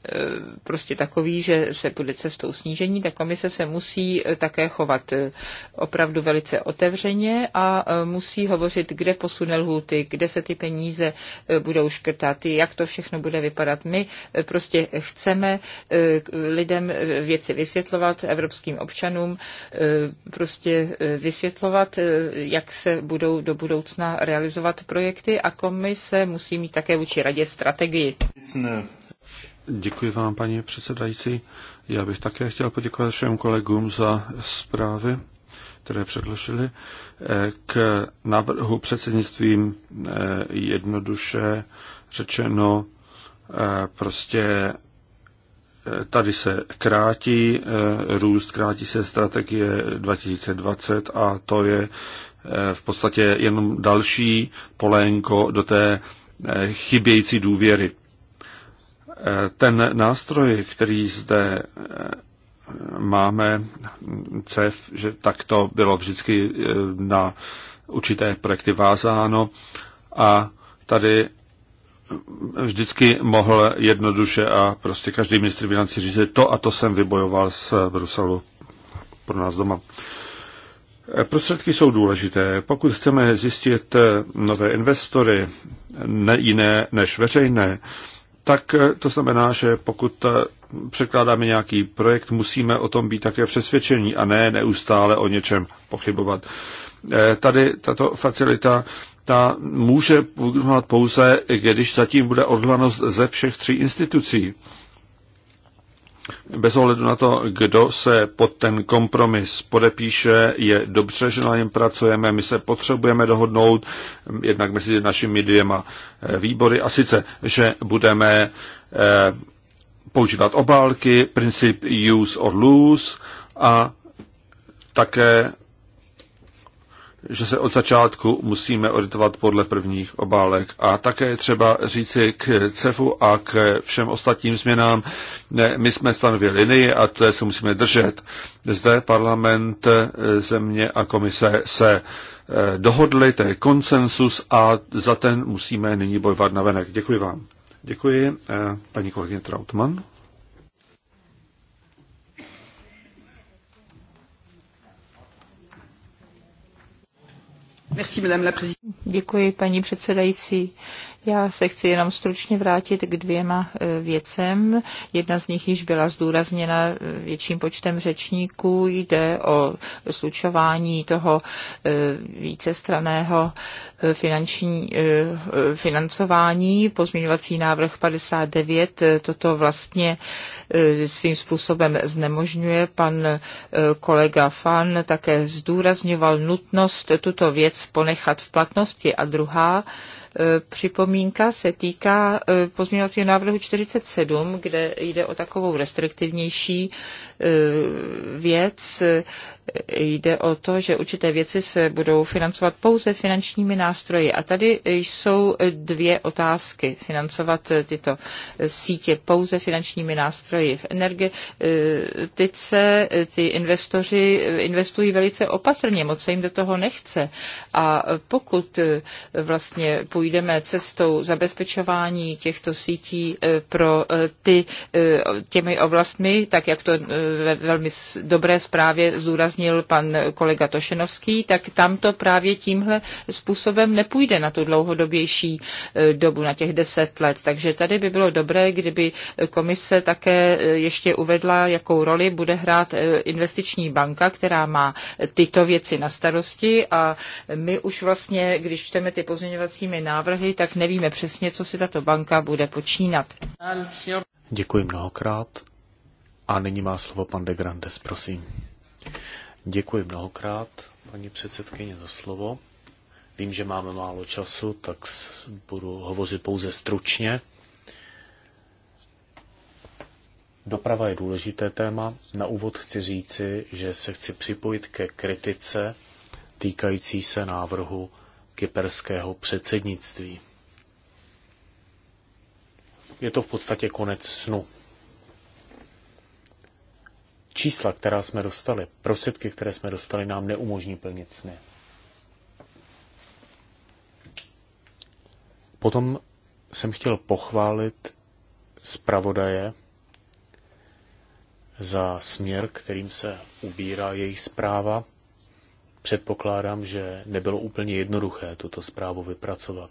Eh, prostě takový, že se bude cestou snížení, tak komise se musí eh, také chovat eh, opravdu velice otevřeně a musí hovořit, kde posune lhuty, kde se ty peníze budou škrtat, jak to všechno bude vypadat. My prostě chceme lidem věci vysvětlovat, evropským občanům prostě vysvětlovat, jak se budou do budoucna realizovat projekty a komise musí mít také vůči radě strategii. Děkuji vám, paní předsedající. Já bych také chtěl poděkovat všem kolegům za zprávy, které předložili. K návrhu předsednictvím eh, jednoduše řečeno eh, prostě eh, tady se krátí růst, krátí se strategie 2020 a to je v podstatě jenom další polénko do té chybějící důvěry. Ten nástroj, který zde eh, máme, CEF, že tak to bylo vždycky eh, na určité projekty vázáno a tady eh, vždycky mohl jednoduše a prostě každý ministr financí říct, to a to jsem vybojoval z Bruselu pro nás doma. Prostředky jsou důležité. Pokud chceme zjistit nové investory, ne jiné než veřejné, tak eh, to znamená, že pokud eh, překládáme nějaký projekt, musíme o tom být také přesvědčení a ne neustále o něčem pochybovat. Eh, tady tato facilita ta může fungovat pouze, když zatím bude odhlanost ze všech tří institucí. Bez ohledu na to, kdo se pod ten kompromis podepíše, je dobře, že na něm pracujeme. My se potřebujeme dohodnout mm, jednak mezi našimi dvěma eh, výbory a sice, že budeme eh, používat obálky, princip use or lose a také že se od začátku musíme orientovat podle prvních obálek. A také třeba říci k CEFu a k všem ostatním změnám, ne, my jsme stanovili linii a to se musíme držet. Zde parlament, e, země a komise se e, dohodli, to je konsensus a za ten musíme nyní bojovat na venek. Děkuji vám. Děkuji, e, paní kolegyně Trautmann. Děkuji, paní předsedající. Já se chci jenom stručně vrátit k dvěma e, věcem. Jedna z nich již byla zdůrazněna e, větším počtem řečníků. Jde o slučování toho e, vícestraného finanční, financování. Pozměňovací návrh 59 toto vlastně svým způsobem znemožňuje. Pan kolega Fan také zdůrazňoval nutnost tuto věc ponechat v platnosti. A druhá E, připomínka se týká e, pozměňovacího návrhu 47, kde jde o takovou restriktivnější e, věc. Jde o to, že určité věci se budou financovat pouze finančními nástroji. A tady jsou dvě otázky. Financovat tyto sítě pouze finančními nástroji. V energetice ty investoři investují velice opatrně, moc se jim do toho nechce. A pokud vlastně půjdeme cestou zabezpečování těchto sítí eh, pro eh, ty eh, těmi oblastmi, tak jak to ve velmi dobré zprávě zúrazně zdůraznil pan kolega Tošenovský, tak tam to právě tímhle způsobem nepůjde na tu dlouhodobější eh, dobu, na těch deset let. Takže tady by bylo dobré, kdyby komise také eh, ještě uvedla, jakou roli bude hrát eh, investiční banka, která má tyto věci na starosti a my už vlastně, když čteme ty pozměňovacími návrhy, tak nevíme přesně, co si tato banka bude počínat. Děkuji mnohokrát. A nyní má slovo pan de Grandes, prosím. Děkuji mnohokrát, paní předsedkyně, za slovo. Vím, že máme málo času, tak budu hovořit pouze stručně. Doprava je důležité téma. Na úvod chci říci, že se chci připojit ke kritice týkající se návrhu kyperského předsednictví. Je to v podstatě konec snu čísla, která jsme dostali, prostředky, které jsme dostali, nám neumožní plnit sny. Potom jsem chtěl pochválit zpravodaje za směr, kterým se ubírá jejich zpráva. Předpokládám, že nebylo úplně jednoduché tuto zprávu vypracovat.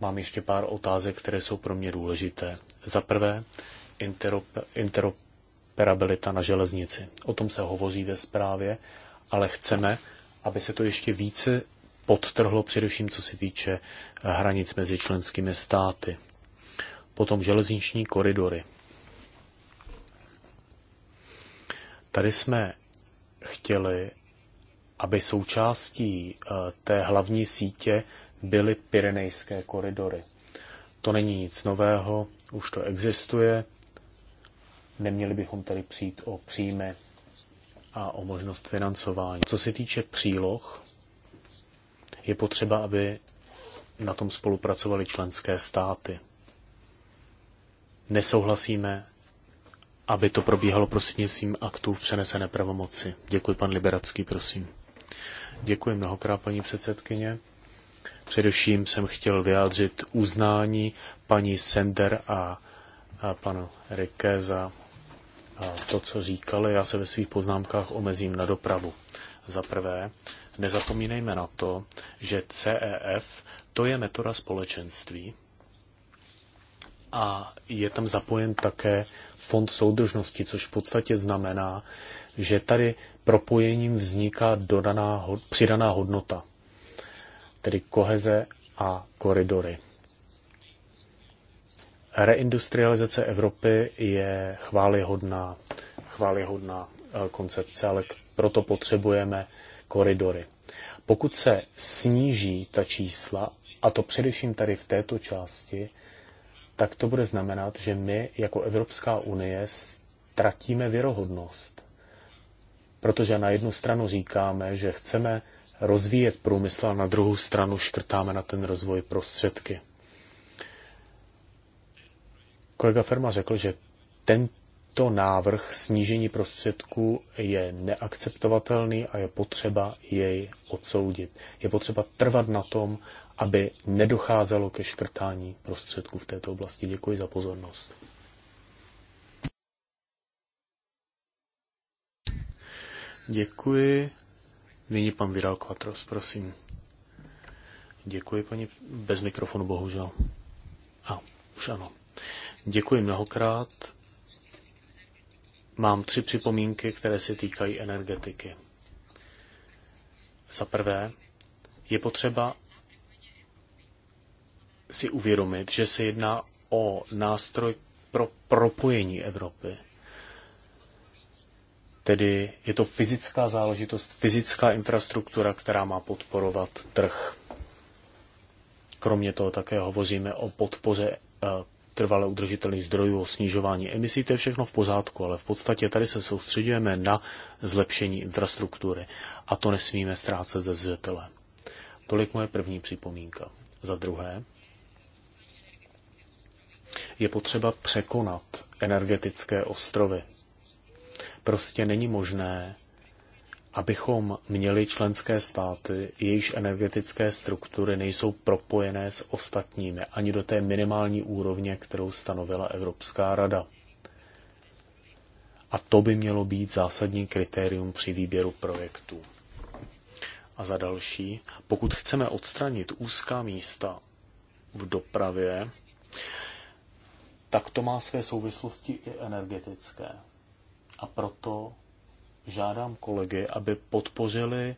Mám ještě pár otázek, které jsou pro mě důležité. Za prvé, interop, interop, interoperabilita na železnici. O tom se hovoří ve zprávě, ale chceme, aby se to ještě více podtrhlo, především co se týče eh, hranic mezi členskými státy. Potom železniční koridory. Tady jsme chtěli, aby součástí eh, té hlavní sítě byly Pyrenejské koridory. To není nic nového, už to existuje, Neměli bychom tady přijít o příjme a o možnost financování. Co se týče příloh, je potřeba, aby na tom spolupracovali členské státy. Nesouhlasíme, aby to probíhalo prostřednictvím aktů v přenesené pravomoci. Děkuji, pan Liberacký, prosím. Děkuji mnohokrát, paní předsedkyně. Především jsem chtěl vyjádřit uznání paní Sender a, a panu Rike za to, co říkali. Já se ve svých poznámkách omezím na dopravu. Za prvé, nezapomínejme na to, že CEF to je metoda společenství a je tam zapojen také fond soudržnosti, což v podstatě znamená, že tady propojením vzniká dodaná, přidaná hodnota, tedy koheze a koridory. Reindustrializace Evropy je chválihodná, chválihodná eh, koncepce, ale proto potřebujeme koridory. Pokud se sníží ta čísla, a to především tady v této části, tak to bude znamenat, že my jako Evropská unie ztratíme věrohodnost. Protože na jednu stranu říkáme, že chceme rozvíjet průmysl a na druhou stranu škrtáme na ten rozvoj prostředky. Kolega Ferma řekl, že tento návrh snížení prostředků je neakceptovatelný a je potřeba jej odsoudit. Je potřeba trvat na tom, aby nedocházelo ke škrtání prostředků v této oblasti. Děkuji za pozornost. Děkuji. Nyní pan Viral Quatros, prosím. Děkuji, paní. Bez mikrofonu, bohužel. A, už ano. Děkuji mnohokrát. Mám tři připomínky, které se týkají energetiky. Za prvé, je potřeba si uvědomit, že se jedná o nástroj pro propojení Evropy. Tedy je to fyzická záležitost, fyzická infrastruktura, která má podporovat trh. Kromě toho také hovoříme o podpoře eh, trvale udržitelných zdrojů, o snižování emisí, to je všechno v pořádku, ale v podstatě tady se soustředujeme na zlepšení infrastruktury a to nesmíme ztrácet ze zřetele. Tolik moje první připomínka. Za druhé, je potřeba překonat energetické ostrovy. Prostě není možné abychom měli členské státy, jejichž energetické struktury nejsou propojené s ostatními ani do té minimální úrovně, kterou stanovila Evropská rada. A to by mělo být zásadní kritérium při výběru projektů. A za další, pokud chceme odstranit úzká místa v dopravě, tak to má své souvislosti i energetické. A proto žádám kolegy, aby podpořili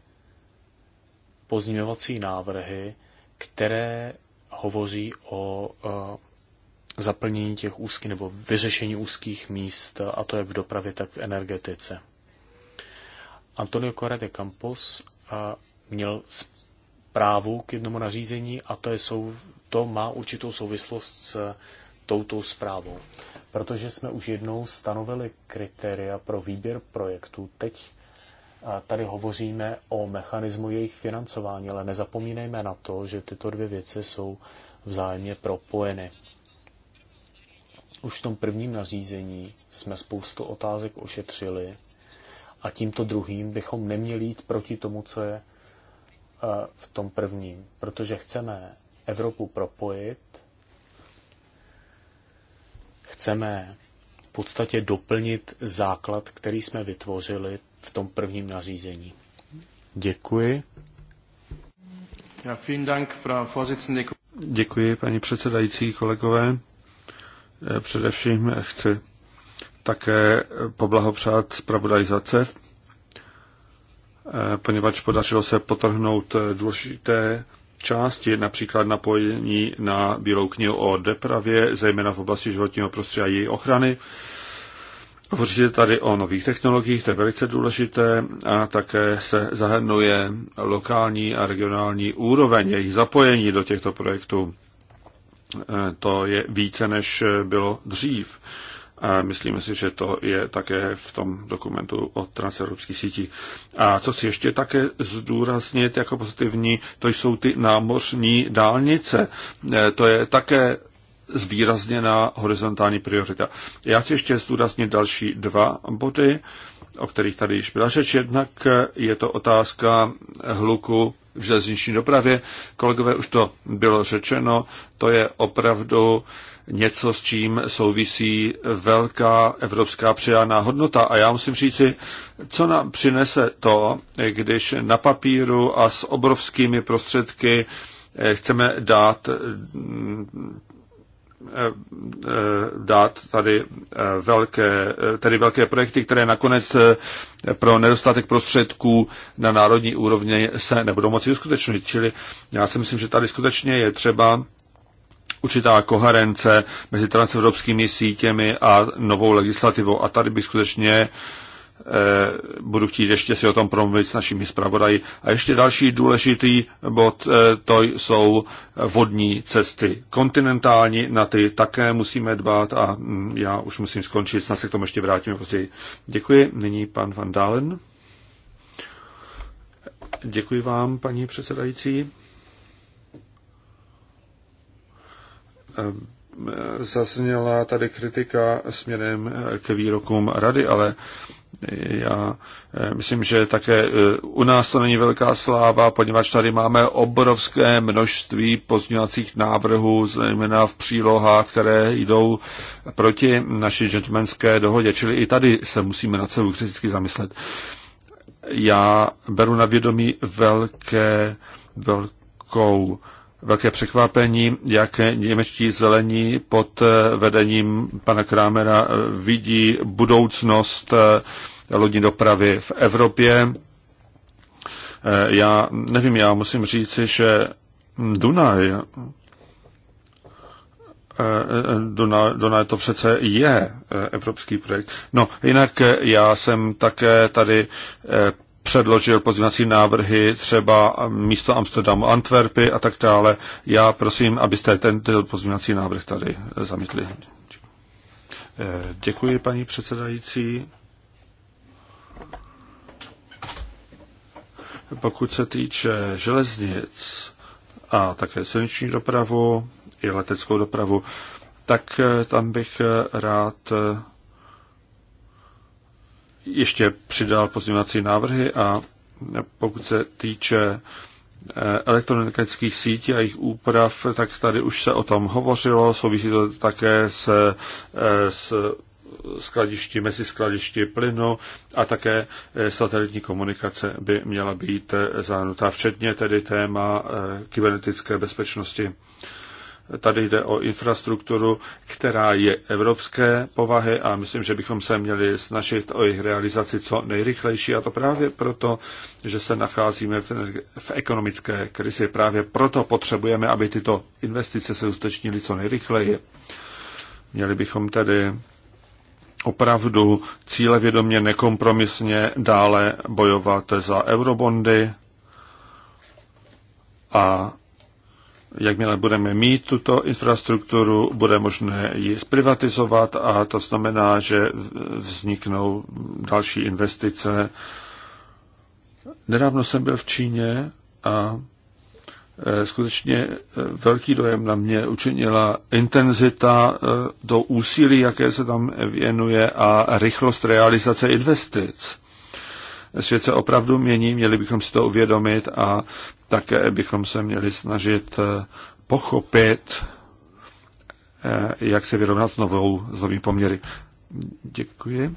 pozměňovací návrhy, které hovoří o e, zaplnění těch úzkých nebo vyřešení úzkých míst, a to jak v dopravě, tak v energetice. Antonio Correa de Campos e, měl právu k jednomu nařízení a to, je sou, to má určitou souvislost s touto zprávou protože jsme už jednou stanovili kritéria pro výběr projektů. Teď tady hovoříme o mechanismu jejich financování, ale nezapomínejme na to, že tyto dvě věci jsou vzájemně propojeny. Už v tom prvním nařízení jsme spoustu otázek ošetřili a tímto druhým bychom neměli jít proti tomu, co je v tom prvním, protože chceme Evropu propojit chceme v podstatě doplnit základ, který jsme vytvořili v tom prvním nařízení. Děkuji. Děkuji, paní předsedající, kolegové. Eh, především chci také poblahopřát zpravodajizace, eh, poněvadž podařilo se potrhnout eh, důležité části, například napojení na Bílou knihu o depravě, zejména v oblasti životního prostředí a její ochrany. Hovoříte tady o nových technologiích, to je velice důležité a také se zahrnuje lokální a regionální úroveň jejich zapojení do těchto projektů. E, to je více, než bylo dřív. A myslíme si, že to je také v tom dokumentu o transevropských síti. A co si ještě také zdůraznit jako pozitivní, to jsou ty námořní dálnice. E, to je také zvýrazněná horizontální priorita. Já chci ještě zdůraznit další dva body, o kterých tady již byla řeč. Jednak je to otázka hluku v železniční dopravě. Kolegové, už to bylo řečeno, to je opravdu něco, s čím souvisí velká evropská přijáná hodnota. A já musím říci, co nám přinese to, když na papíru a s obrovskými prostředky eh, chceme dát mm, eh, eh, dát tady velké, tady velké projekty, které nakonec pro nedostatek prostředků na národní úrovni se nebudou moci uskutečnit. Čili já si myslím, že tady skutečně je třeba určitá koherence mezi transevropskými sítěmi a novou legislativou. A tady bych skutečně eh, budu chtít ještě si o tom promluvit s našimi zpravodaji. A ještě další důležitý bod, eh, to jsou vodní cesty kontinentální, na ty také musíme dbát a hm, já už musím skončit, snad se k tomu ještě vrátíme později. Děkuji, nyní pan Van Dalen. Děkuji vám, paní předsedající. Ehm, zazněla tady kritika směrem eh, k výrokům rady, ale eh, já eh, myslím, že také u nás to není velká sláva, poněvadž tady máme obrovské množství pozměňovacích návrhů, zejména v přílohách, které jdou proti naší gentlemanské dohodě. Čili i tady se musíme na celou kriticky zamyslet. Já beru na vědomí velké, velkou velké překvapení, jak němečtí zelení pod vedením pana Krámera vidí budoucnost eh, lodní dopravy v Evropě. Eh, já nevím, já musím říci, že Dunaj, eh, Dunaj, Dunaj to přece je evropský projekt. No, jinak já jsem také tady předložil pozvinací návrhy třeba místo Amsterdamu Antwerpy a tak dále. Já prosím, abyste tento pozvinací návrh tady zamítli. Děkuji, paní předsedající. Pokud se týče železnic a také silniční dopravu i leteckou dopravu, tak tam bych rád ještě přidal pozměňovací návrhy a pokud se týče eh, elektronických sítí a jejich úprav, tak tady už se o tom hovořilo, souvisí to také s, eh, s skladišti, mezi skladišti plynu a také eh, satelitní komunikace by měla být zahrnutá, včetně tedy téma kybernetické bezpečnosti. Tady jde o infrastrukturu, která je evropské povahy a myslím, že bychom se měli snažit o jejich realizaci co nejrychlejší a to právě proto, že se nacházíme v, v ekonomické krizi. Právě proto potřebujeme, aby tyto investice se uskutečnily co nejrychleji. Měli bychom tedy opravdu cílevědomě, nekompromisně dále bojovat za eurobondy a jakmile budeme mít tuto infrastrukturu, bude možné ji zprivatizovat a to znamená, že vzniknou další investice. Nedávno jsem byl v Číně a e, skutečně e, velký dojem na mě učinila intenzita e, do úsilí, jaké se tam věnuje a rychlost realizace investic. Svět se opravdu mění, měli bychom si to uvědomit a také bychom se měli snažit eh, pochopit, eh, jak se vyrovnat s, novou, s novými poměry. Děkuji.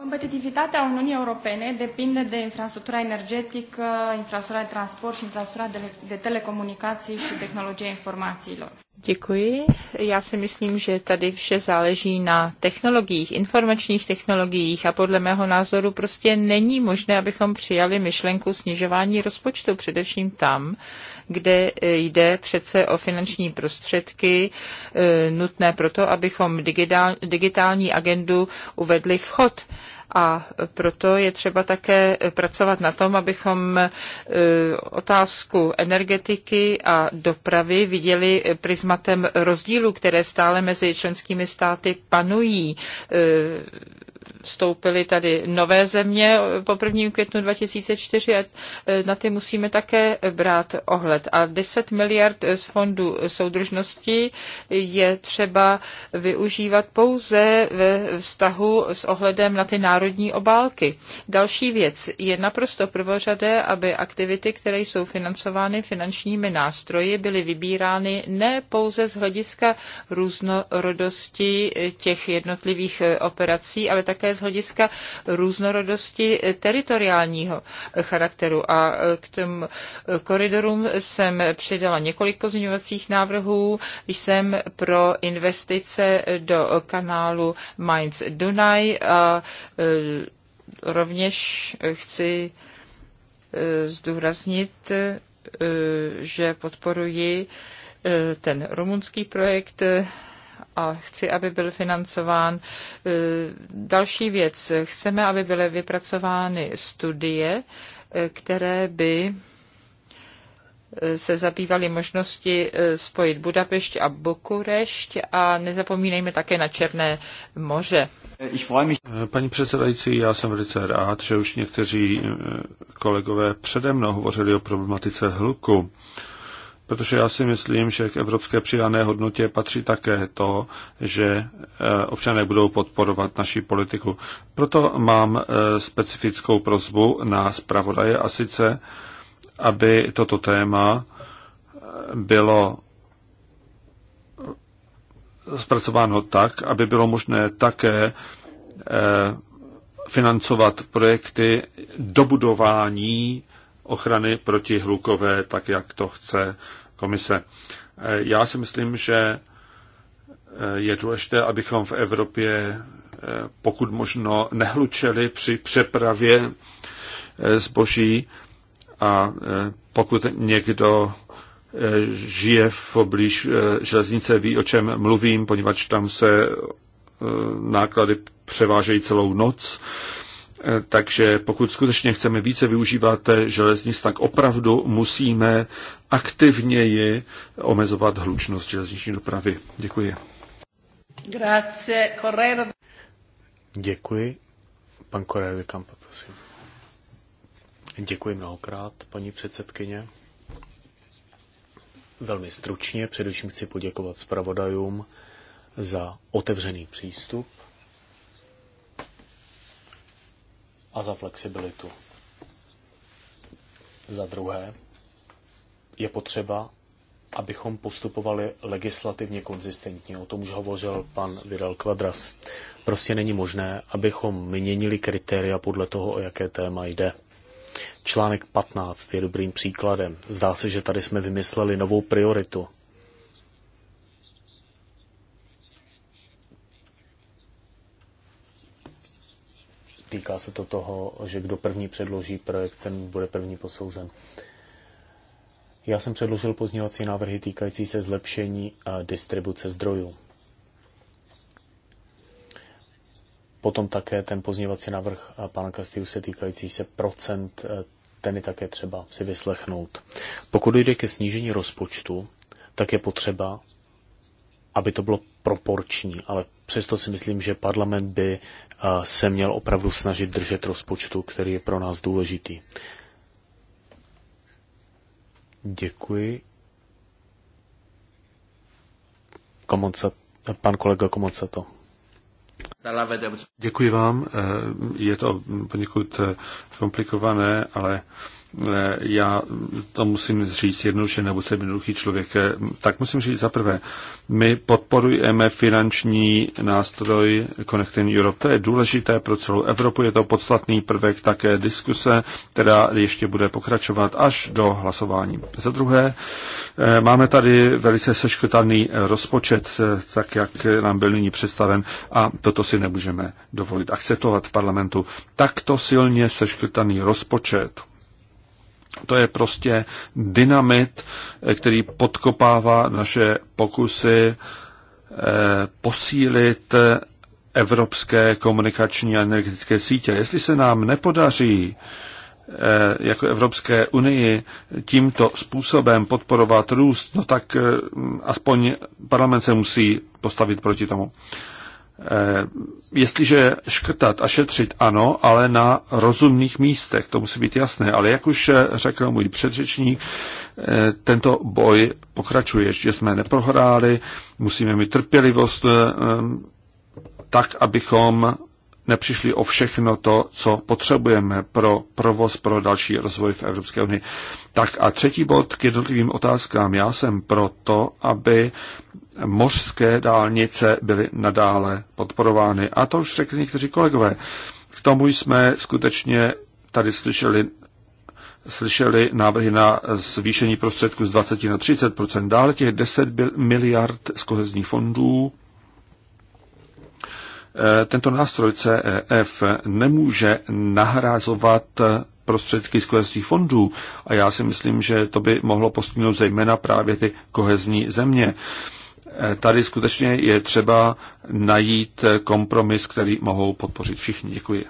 Competitivitatea Uniunii Europene depinde de infrastructura energetică, infrastructura de transport și infrastructura de, de telecomunicații și tehnologia informațiilor. Děkuji. Já si myslím, že tady vše záleží na technologiích, informačních technologiích a podle mého názoru prostě není možné, abychom přijali myšlenku snižování rozpočtu, především tam, kde e, jde přece o finanční prostředky e, nutné proto, abychom digitální agendu uvedli v chod a proto je třeba také pracovat na tom, abychom e, otázku energetiky a dopravy viděli prismatem rozdílů, které stále mezi členskými státy panují e, vstoupily tady nové země po 1. květnu 2004 a e, na ty musíme také brát ohled. A 10 miliard z fondu soudržnosti je třeba využívat pouze ve vztahu s ohledem na ty národní obálky. Další věc je naprosto prvořadé, aby aktivity, které jsou financovány finančními nástroji, byly vybírány ne pouze z hlediska různorodosti těch jednotlivých e, operací, ale tak také z hlediska různorodosti teritoriálního charakteru. A k těm koridorům jsem přidala několik pozměňovacích návrhů. Jsem pro investice do kanálu Mainz-Dunaj a e, rovněž chci e, zdůraznit, e, že podporuji ten rumunský projekt a chci, aby byl financován. E, další věc, chceme, aby byly vypracovány studie, e, které by e, se zabývaly možnosti spojit Budapešť a Bukurešť a nezapomínejme také na Černé moře. Paní předsedající, já jsem velice rád, že už někteří kolegové přede mnou hovořili o problematice hluku protože já si myslím, že k evropské přidané hodnotě patří také to, že eh, občané budou podporovat naši politiku. Proto mám eh, specifickou prozbu na zpravodaje a sice, aby toto téma eh, bylo zpracováno tak, aby bylo možné také financovat projekty dobudování ochrany proti hlukové, tak jak to chce komise. Eh, já si myslím, že eh, je důležité, abychom v Evropě eh, pokud možno nehlučeli při přepravě zboží a pokud někdo žije v poblíž železnice, ví, o čem mluvím, poněvadž tam se náklady převážejí celou noc takže pokud skutečně chceme více využívat železnic, tak opravdu musíme aktivněji omezovat hlučnost železniční dopravy. Děkuji. Grazie, Correro. Děkuji. Pan Correro de Campo, prosím. Děkuji mnohokrát, paní předsedkyně. Velmi stručně, především chci poděkovat zpravodajům za otevřený přístup a za flexibilitu. Za druhé, je potřeba, abychom postupovali legislativně konzistentně. O tom už hovořil pan Vidal Quadras. Prostě není možné, abychom měnili kritéria podle toho, o jaké téma jde. Článek 15 je dobrým příkladem. Zdá se, že tady jsme vymysleli novou prioritu, týká se to toho, že kdo první předloží projekt, ten bude první posouzen. Já jsem předložil pozměňovací návrhy týkající se zlepšení a distribuce zdrojů. Potom také ten pozměňovací návrh pana Kastilu se týkající se procent, eh, ten je také třeba si vyslechnout. Pokud jde ke snížení rozpočtu, tak je potřeba aby to bylo proporční, ale přesto si myslím, že parlament by eh, se měl opravdu snažit držet rozpočtu, který je pro nás důležitý. Děkuji. Komonca, pan kolega to. Děkuji vám. Eh, je to poněkud eh, komplikované, ale Eh, já to musím říct jednoduše, nebo jsem jednoduchý člověk, eh, tak musím říct za prvé, my podporujeme finanční nástroj Connecting Europe. To je důležité pro celou Evropu, je to podstatný prvek také diskuse, která ještě bude pokračovat až do hlasování. Za druhé, eh, máme tady velice seškrtaný rozpočet, tak jak nám byl nyní představen a toto si nemůžeme dovolit akceptovat v parlamentu. Takto silně seškrtaný rozpočet to je prostě dynamit, eh, který podkopává naše pokusy eh, posílit eh, evropské komunikační a energetické sítě. Jestli se nám nepodaří jako Evropské unii tímto způsobem podporovat růst, no tak aspoň parlament se musí postavit proti tomu. Eh, jestliže škrtat a šetřit ano, ale na rozumných místech, to musí být jasné. Ale jak už eh, řekl můj předřečník, eh, tento boj pokračuje, že jsme neprohráli, musíme mít trpělivost tak, abychom nepřišli o všechno to, co potřebujeme pro provoz, pro další rozvoj v Evropské unii. Tak a třetí bod k jednotlivým otázkám. Já jsem proto, aby mořské dálnice byly nadále podporovány. A to už řekli někteří kolegové. K tomu jsme skutečně tady slyšeli slyšeli návrhy na zvýšení prostředků z 20 na 30 dále těch 10 miliard z kohezních fondů. Eh, tento nástroj CEF nemůže nahrázovat prostředky z kohezních fondů a já si myslím, že to by mohlo postihnout zejména právě ty kohezní země tady skutečně je třeba najít kompromis, který mohou podpořit všichni. Děkuji.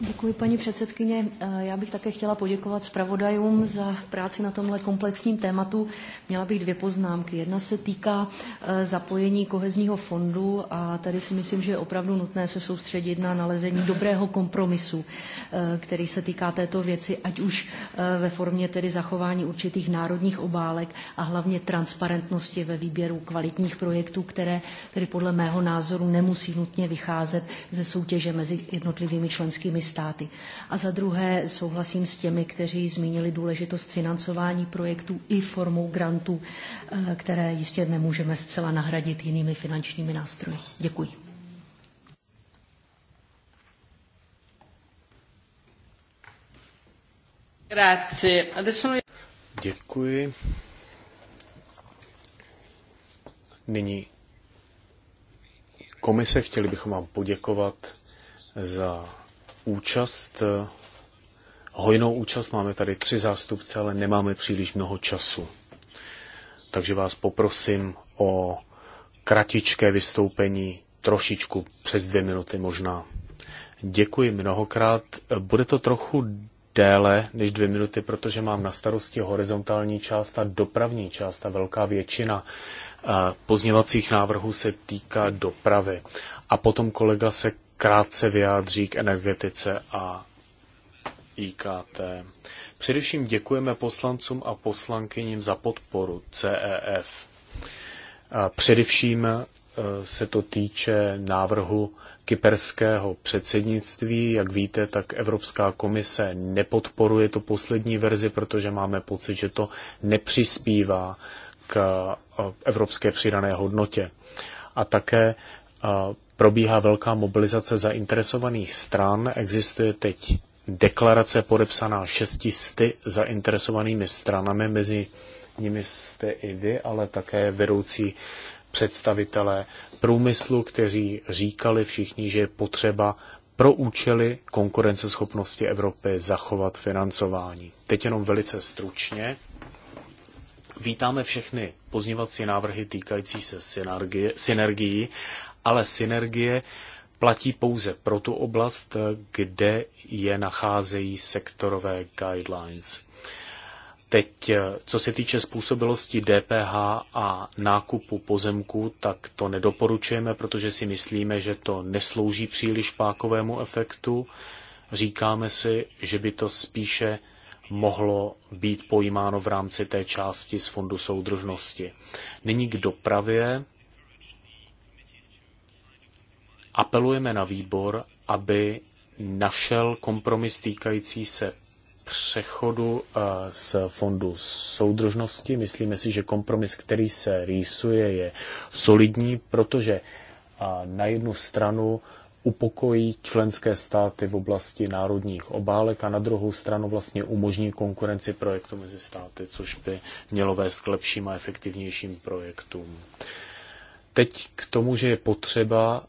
Děkuji, paní předsedkyně. Eh, já bych také chtěla poděkovat zpravodajům za práci na tomhle komplexním tématu. Měla bych dvě poznámky. Jedna se týká eh, zapojení kohezního fondu a tady si myslím, že je opravdu nutné se soustředit na nalezení dobrého kompromisu, eh, který se týká této věci, ať už ve formě tedy zachování určitých národních obálek a hlavně transparentnosti ve výběru kvalitních projektů, které tedy podle mého názoru nemusí nutně vycházet ze soutěže mezi jednotlivými členskými členskými státy. A za druhé souhlasím s těmi, kteří zmínili důležitost financování projektů i formou grantů, eh, které jistě nemůžeme zcela nahradit jinými finančními nástroji. Děkuji. Děkuji. Nyní komise, chtěli bychom vám poděkovat za účast, eh, hojnou účast. Máme tady tři zástupce, ale nemáme příliš mnoho času. Takže vás poprosím o kratičké vystoupení, trošičku přes dvě minuty možná. Děkuji mnohokrát. Bude to trochu déle než dvě minuty, protože mám na starosti horizontální část a dopravní část. A velká většina eh, pozněvacích návrhů se týká dopravy. A potom kolega se krátce vyjádří k energetice a IKT. Především děkujeme poslancům a poslankyním za podporu CEF. Především e, se to týče návrhu kyperského předsednictví. Jak víte, tak Evropská komise nepodporuje to poslední verzi, protože máme pocit, že to nepřispívá k e, evropské přidané hodnotě. A také probíhá velká mobilizace zainteresovaných stran. Existuje teď deklarace podepsaná šestisty zainteresovanými stranami, mezi nimi jste i vy, ale také vedoucí představitelé průmyslu, kteří říkali všichni, že je potřeba pro účely konkurenceschopnosti Evropy zachovat financování. Teď jenom velice stručně. Vítáme všechny pozněvací návrhy týkající se synergie, ale synergie platí pouze pro tu oblast, kde je nacházejí sektorové guidelines. Teď, co se týče způsobilosti DPH a nákupu pozemků, tak to nedoporučujeme, protože si myslíme, že to neslouží příliš pákovému efektu. Říkáme si, že by to spíše mohlo být pojímáno v rámci té části z Fondu soudržnosti. Nyní k dopravě apelujeme na výbor, aby našel kompromis týkající se přechodu eh, z fondu soudržnosti. Myslíme si, že kompromis, který se rýsuje, je solidní, protože eh, na jednu stranu upokojí členské státy v oblasti národních obálek a na druhou stranu vlastně umožní konkurenci projektu mezi státy, což by mělo vést k lepším a efektivnějším projektům. Teď k tomu, že je potřeba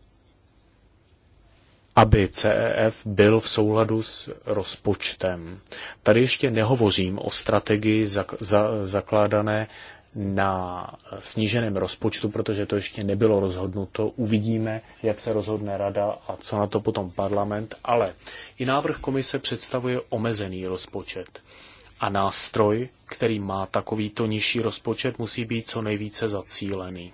aby CEF byl v souladu s rozpočtem. Tady ještě nehovořím o strategii zak- za, zakládané na sníženém rozpočtu, protože to ještě nebylo rozhodnuto. Uvidíme, jak se rozhodne rada a co na to potom parlament, ale i návrh komise představuje omezený rozpočet. A nástroj, který má takovýto nižší rozpočet, musí být co nejvíce zacílený.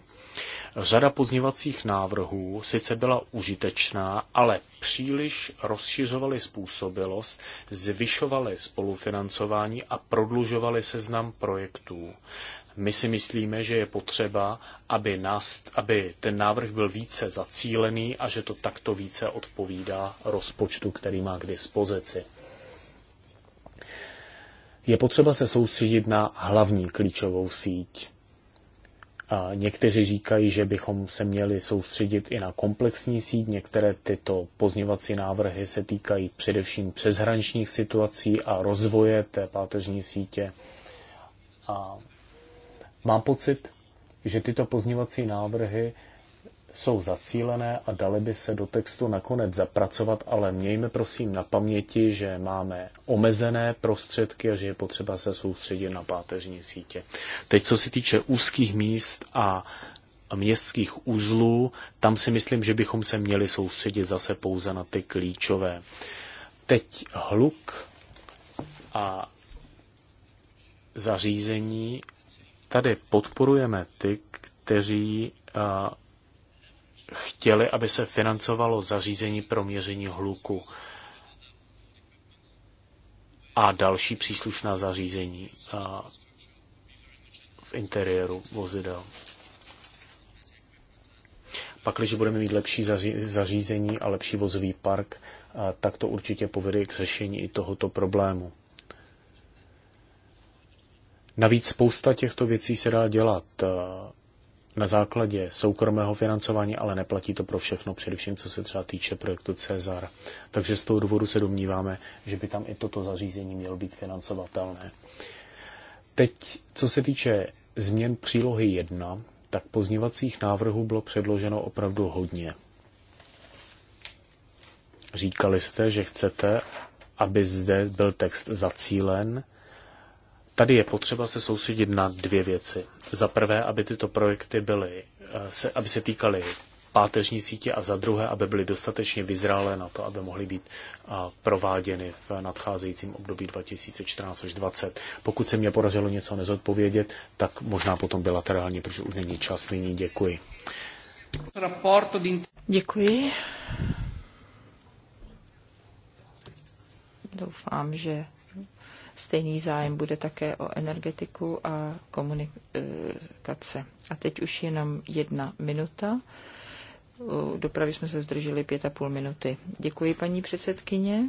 Řada pozněvacích návrhů sice byla užitečná, ale příliš rozšiřovaly způsobilost, zvyšovaly spolufinancování a prodlužovaly seznam projektů. My si myslíme, že je potřeba, aby, nás, aby ten návrh byl více zacílený a že to takto více odpovídá rozpočtu, který má k dispozici. Je potřeba se soustředit na hlavní klíčovou síť někteří říkají, že bychom se měli soustředit i na komplexní síť. Některé tyto pozněvací návrhy se týkají především přeshraničních situací a rozvoje té páteřní sítě. A mám pocit, že tyto pozněvací návrhy jsou zacílené a dali by se do textu nakonec zapracovat, ale mějme prosím na paměti, že máme omezené prostředky a že je potřeba se soustředit na páteřní sítě. Teď, co se týče úzkých míst a městských uzlů, tam si myslím, že bychom se měli soustředit zase pouze na ty klíčové. Teď hluk a zařízení. Tady podporujeme ty, kteří chtěli, aby se financovalo zařízení pro měření hluku a další příslušná zařízení v interiéru vozidel. Pak, když budeme mít lepší zařízení a lepší vozový park, tak to určitě povede k řešení i tohoto problému. Navíc spousta těchto věcí se dá dělat na základě soukromého financování, ale neplatí to pro všechno, především co se třeba týče projektu Cezar. Takže z toho důvodu se domníváme, že by tam i toto zařízení mělo být financovatelné. Teď, co se týče změn přílohy 1, tak pozněvacích návrhů bylo předloženo opravdu hodně. Říkali jste, že chcete, aby zde byl text zacílen, Tady je potřeba se soustředit na dvě věci. Za prvé, aby tyto projekty byly, eh, se, aby se týkaly páteřní sítě a za druhé, aby byly dostatečně vyzrálé na to, aby mohly být eh, prováděny v nadcházejícím období 2014 až 2020. Pokud se mě podařilo něco nezodpovědět, tak možná potom bilaterálně, protože už není čas nyní. Děkuji. Děkuji. Doufám, že Stejný zájem bude také o energetiku a komunikace. A teď už jenom jedna minuta. U dopravy jsme se zdrželi pět a půl minuty. Děkuji, paní předsedkyně.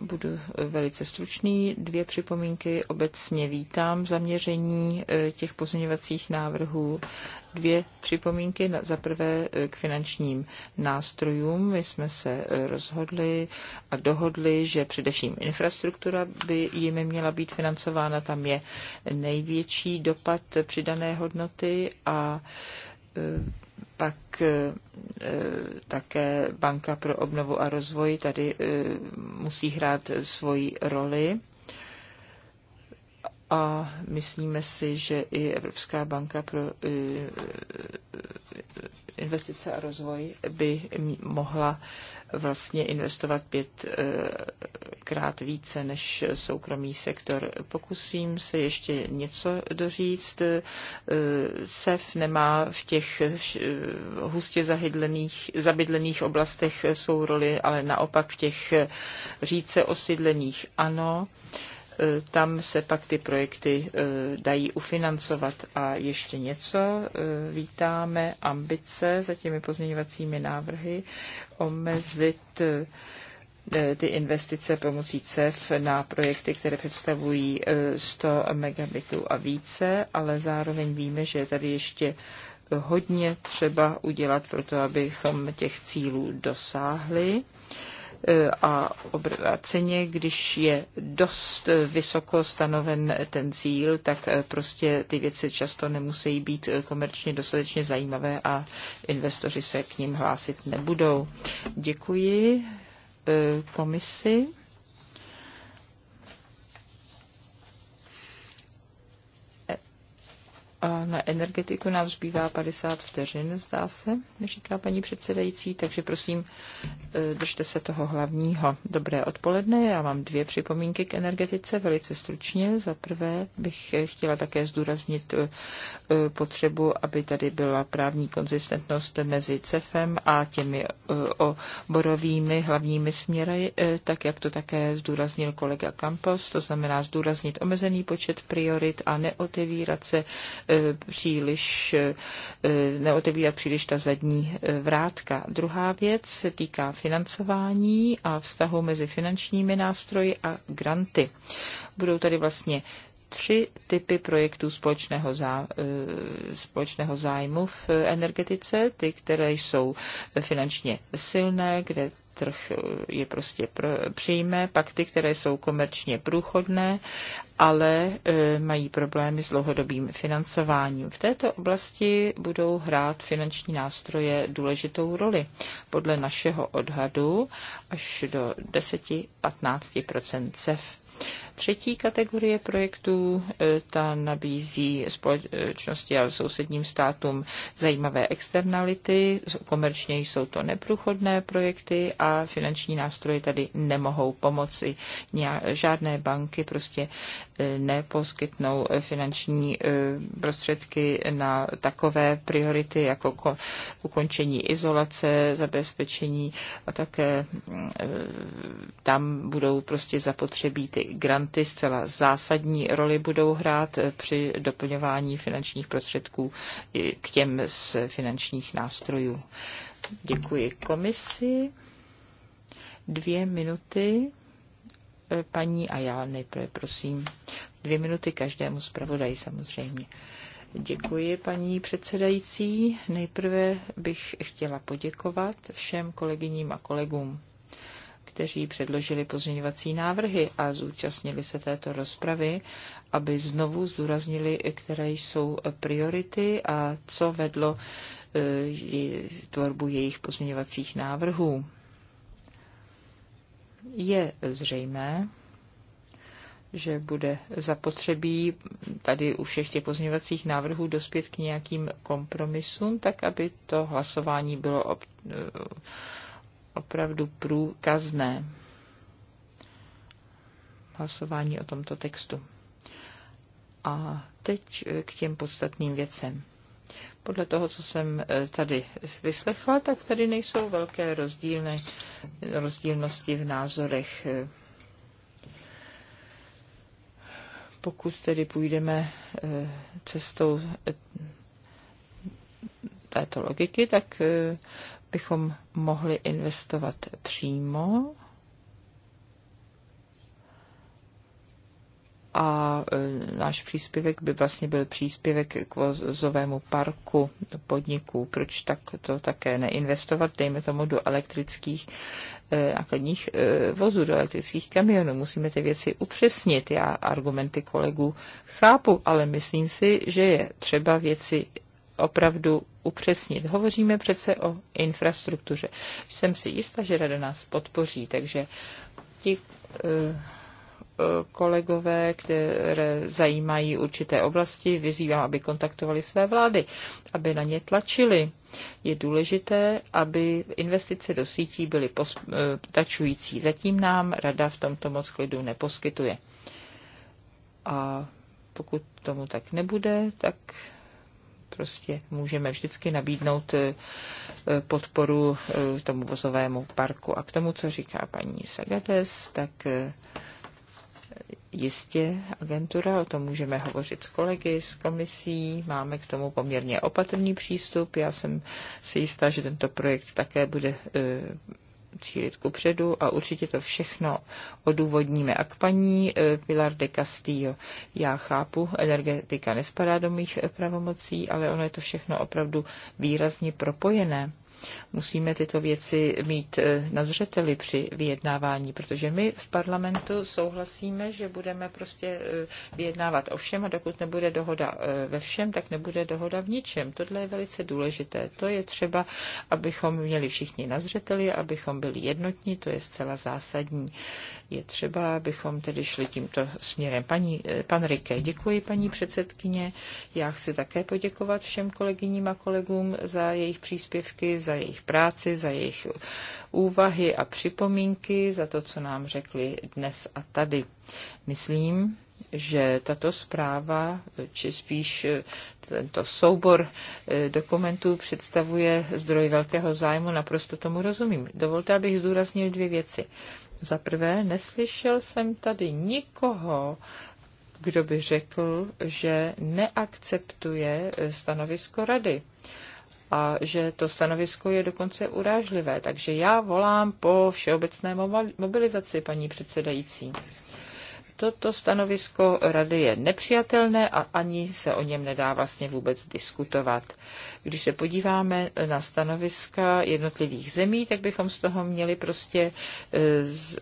Budu velice stručný. Dvě připomínky. Obecně vítám zaměření eh, těch pozměňovacích návrhů dvě připomínky. Za prvé e, k finančním nástrojům. My jsme se e, rozhodli a dohodli, že především infrastruktura by jimi měla být financována. Tam je největší dopad přidané hodnoty a e, pak také Banka pro obnovu a rozvoj tady musí hrát svoji roli a myslíme si, že i Evropská banka pro e, e, e, investice a rozvoj by mohla vlastně investovat pětkrát více než soukromý sektor. Pokusím se ještě něco doříct. SEF nemá v těch hustě zahydlených, zabydlených oblastech svou roli, ale naopak v těch říce osídlených ano. Eh, tam se pak ty projekty eh, dají ufinancovat. A ještě něco, eh, vítáme ambice za těmi pozměňovacími návrhy omezit ty investice pomocí CEF na projekty, které představují 100 megabitů a více, ale zároveň víme, že je tady ještě hodně třeba udělat pro to, abychom těch cílů dosáhli a obráceně, když je dost vysoko stanoven ten cíl, tak eh, prostě ty věci často nemusí být eh, komerčně dostatečně zajímavé a investoři se k ním hlásit nebudou. Děkuji eh, komisi. A na energetiku nám zbývá 50 vteřin, zdá se, říká paní předsedající, takže prosím, eh, držte se toho hlavního. Dobré odpoledne, já mám dvě připomínky k energetice, velice stručně. Za prvé bych chtěla také zdůraznit eh, eh, potřebu, aby tady byla právní konzistentnost mezi CEFem a těmi oborovými hlavními směry, tak jak to také zdůraznil kolega Campos, to znamená zdůraznit omezený počet priorit a neotevírat se E, příliš, e, neotevírat příliš ta zadní e, vrátka. Druhá věc se týká financování a vztahu mezi finančními nástroji a granty. Budou tady vlastně tři typy projektů společného, zá, e, společného zájmu v energetice. Ty, které jsou finančně silné, kde trh je prostě pro, přijme, pak ty, které jsou komerčně průchodné, ale e, mají problémy s dlouhodobým financováním. V této oblasti budou hrát finanční nástroje důležitou roli. Podle našeho odhadu až do 10-15 CEF. Třetí kategorie projektů, e, ta nabízí společnosti a sousedním státům zajímavé externality, komerčně jsou to neprůchodné projekty a finanční nástroje tady nemohou pomoci. Žádné banky prostě e, neposkytnou finanční e, prostředky na takové priority jako ukončení izolace, zabezpečení a také tam budou prostě zapotřebí ty granty granty zcela zásadní roli budou hrát při doplňování finančních prostředků k těm z finančních nástrojů. Děkuji komisi. Dvě minuty. Paní a já nejprve, prosím. Dvě minuty každému zpravodaji samozřejmě. Děkuji, paní předsedající. Nejprve bych chtěla poděkovat všem kolegyním a kolegům kteří předložili pozměňovací návrhy a zúčastnili se této rozpravy, aby znovu zdůraznili, které jsou priority a co vedlo e, tvorbu jejich pozměňovacích návrhů. Je zřejmé, že bude zapotřebí tady u všech těch pozměňovacích návrhů dospět k nějakým kompromisům, tak aby to hlasování bylo ob, opravdu průkazné. Hlasování o tomto textu. A teď eh, k těm podstatným věcem. Podle toho, co jsem eh, tady vyslechla, tak tady nejsou velké rozdílné, rozdílnosti v názorech. Pokud tedy půjdeme eh, cestou této logiky, tak bychom mohli investovat přímo a e, náš příspěvek by vlastně byl příspěvek k vozovému parku podniků. Proč tak to také neinvestovat, dejme tomu, do elektrických e, nákladních e, vozů, do elektrických kamionů. Musíme ty věci upřesnit. Já argumenty kolegů chápu, ale myslím si, že je třeba věci opravdu upřesnit. Hovoříme přece o infrastruktuře. Jsem si jistá, že rada nás podpoří, takže ti eh, eh, kolegové, které zajímají určité oblasti, vyzývám, aby kontaktovali své vlády, aby na ně tlačili. Je důležité, aby investice do sítí byly tačující. Eh, Zatím nám rada v tomto moc klidu neposkytuje. A pokud tomu tak nebude, tak prostě můžeme vždycky nabídnout eh, eh, podporu eh, tomu vozovému parku. A k tomu, co říká paní Sagades, tak jistě agentura, o tom můžeme hovořit s kolegy, s komisí, máme k tomu poměrně opatrný přístup. Já jsem si jistá, že tento projekt také bude cílit ku předu a určitě to všechno odůvodníme. A k paní eh, Pilar de Castillo, já chápu, energetika nespadá do mých eh, pravomocí, ale ono je to všechno opravdu výrazně propojené. Musíme tyto věci mít e, na zřeteli při vyjednávání, protože my v parlamentu souhlasíme, že budeme prostě e, vyjednávat o všem a dokud nebude dohoda e, ve všem, tak nebude dohoda v ničem. Tohle je velice důležité. To je třeba, abychom měli všichni na zřeteli, abychom byli jednotní, to je zcela zásadní je třeba, abychom tedy šli tímto směrem. Paní, eh, pan Rike, děkuji paní předsedkyně. Já chci také poděkovat všem kolegyním a kolegům za jejich příspěvky, za jejich práci, za jejich úvahy a připomínky, za to, co nám řekli dnes a tady. Myslím, že tato zpráva, eh, či spíš eh, tento soubor dokumentů představuje zdroj velkého zájmu, naprosto tomu rozumím. Dovolte, abych zdůraznil dvě věci. Za prvé, neslyšel jsem tady nikoho, kdo by řekl, že neakceptuje stanovisko rady a že to stanovisko je dokonce urážlivé. Takže já volám po všeobecné mobilizaci, paní předsedající. Toto stanovisko rady je nepřijatelné a ani se o něm nedá vlastně vůbec diskutovat. Když se podíváme na stanoviska jednotlivých zemí, tak bychom z toho měli prostě e, z e,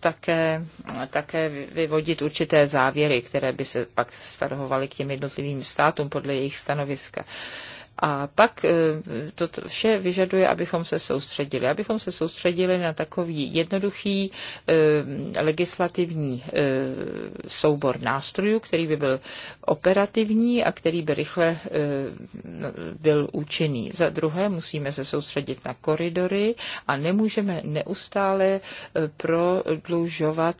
také, také vyvodit určité závěry, které by se pak starovaly k těm jednotlivým státům podle jejich stanoviska. A pak eh, to vše vyžaduje, abychom se soustředili. Abychom se soustředili na takový jednoduchý eh, legislativní eh, soubor nástrojů, který by byl operativní a který by rychle no, byl účinný. Za druhé musíme se soustředit na koridory a nemůžeme neustále prodlužovat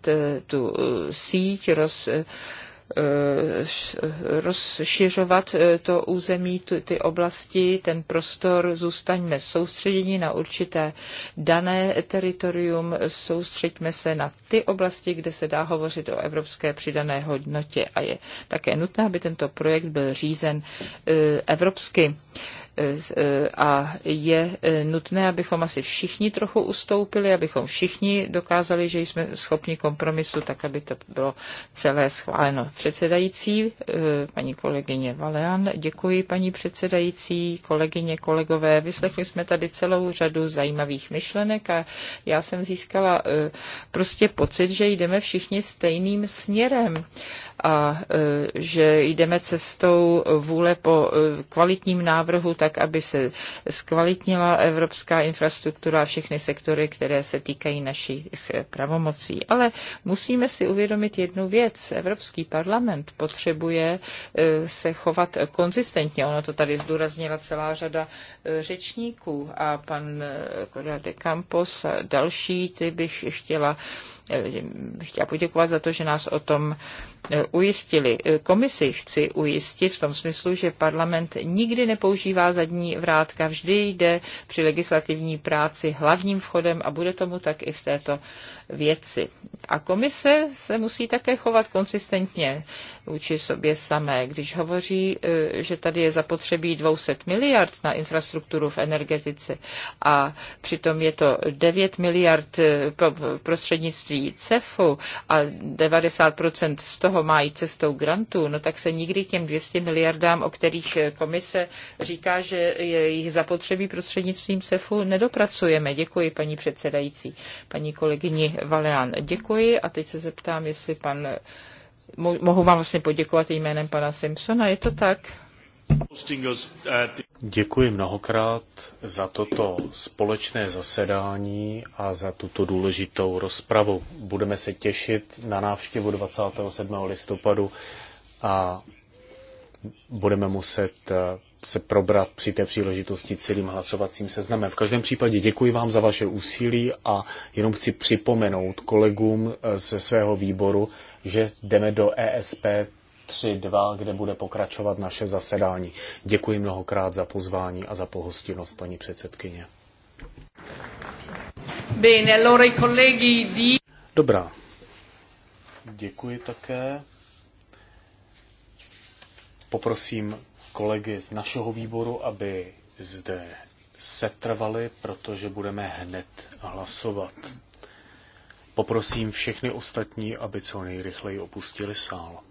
tu síť roz Eh, rozšiřovat eh, to území, ty oblasti, ten prostor, zůstaňme soustředěni na určité dané teritorium, soustředíme se na ty oblasti, kde se dá hovořit o evropské přidané hodnotě a je také nutné, aby tento projekt byl řízen eh, evropsky a je e, nutné, abychom asi všichni trochu ustoupili, abychom všichni dokázali, že jsme schopni kompromisu, tak aby to bylo celé schváleno. Předsedající, e, paní kolegyně Valean, děkuji paní předsedající, kolegyně, kolegové. Vyslechli jsme tady celou řadu zajímavých myšlenek a já jsem získala e, prostě pocit, že jdeme všichni stejným směrem a e, že jdeme cestou vůle po e, kvalitním návrhu, tak aby se zkvalitnila evropská infrastruktura a všechny sektory, které se týkají našich e, pravomocí. Ale musíme si uvědomit jednu věc. Evropský parlament potřebuje se chovat konzistentně. Ono to tady zdůraznila celá řada řečníků a pan Koda de Campos a další, ty bych chtěla Eh, chtěla poděkovat za to, že nás o tom eh, ujistili. Eh, komisi chci ujistit v tom smyslu, že parlament nikdy nepoužívá zadní vrátka, vždy jde při legislativní práci hlavním vchodem a bude tomu tak i v této věci. A komise se musí také chovat konsistentně vůči sobě samé. Když hovoří, e, že tady je zapotřebí 200 miliard na infrastrukturu v energetice a přitom je to 9 miliard e, prostřednictví CEFu a 90% z toho má i cestou grantů, no tak se nikdy těm 200 miliardám, o kterých e, komise říká, že je jich zapotřebí prostřednictvím CEFu, nedopracujeme. Děkuji, paní předsedající. Paní kolegyni Valian, děkuji a teď se zeptám, jestli pan, mohu vám vlastně poděkovat jménem pana Simpsona, je to tak? Děkuji mnohokrát za toto společné zasedání a za tuto důležitou rozpravu. Budeme se těšit na návštěvu 27. listopadu a budeme muset eh, se probrat při té příležitosti celým hlasovacím seznamem. V každém případě děkuji vám za vaše úsilí a jenom chci připomenout kolegům eh, ze svého výboru, že jdeme do ESP 3.2, kde bude pokračovat naše zasedání. Děkuji mnohokrát za pozvání a za pohostinnost, paní předsedkyně. Bene, Dobrá. Děkuji také. Poprosím kolegy z našeho výboru, aby zde setrvali, protože budeme hned hlasovat. Poprosím všechny ostatní, aby co nejrychleji opustili sál.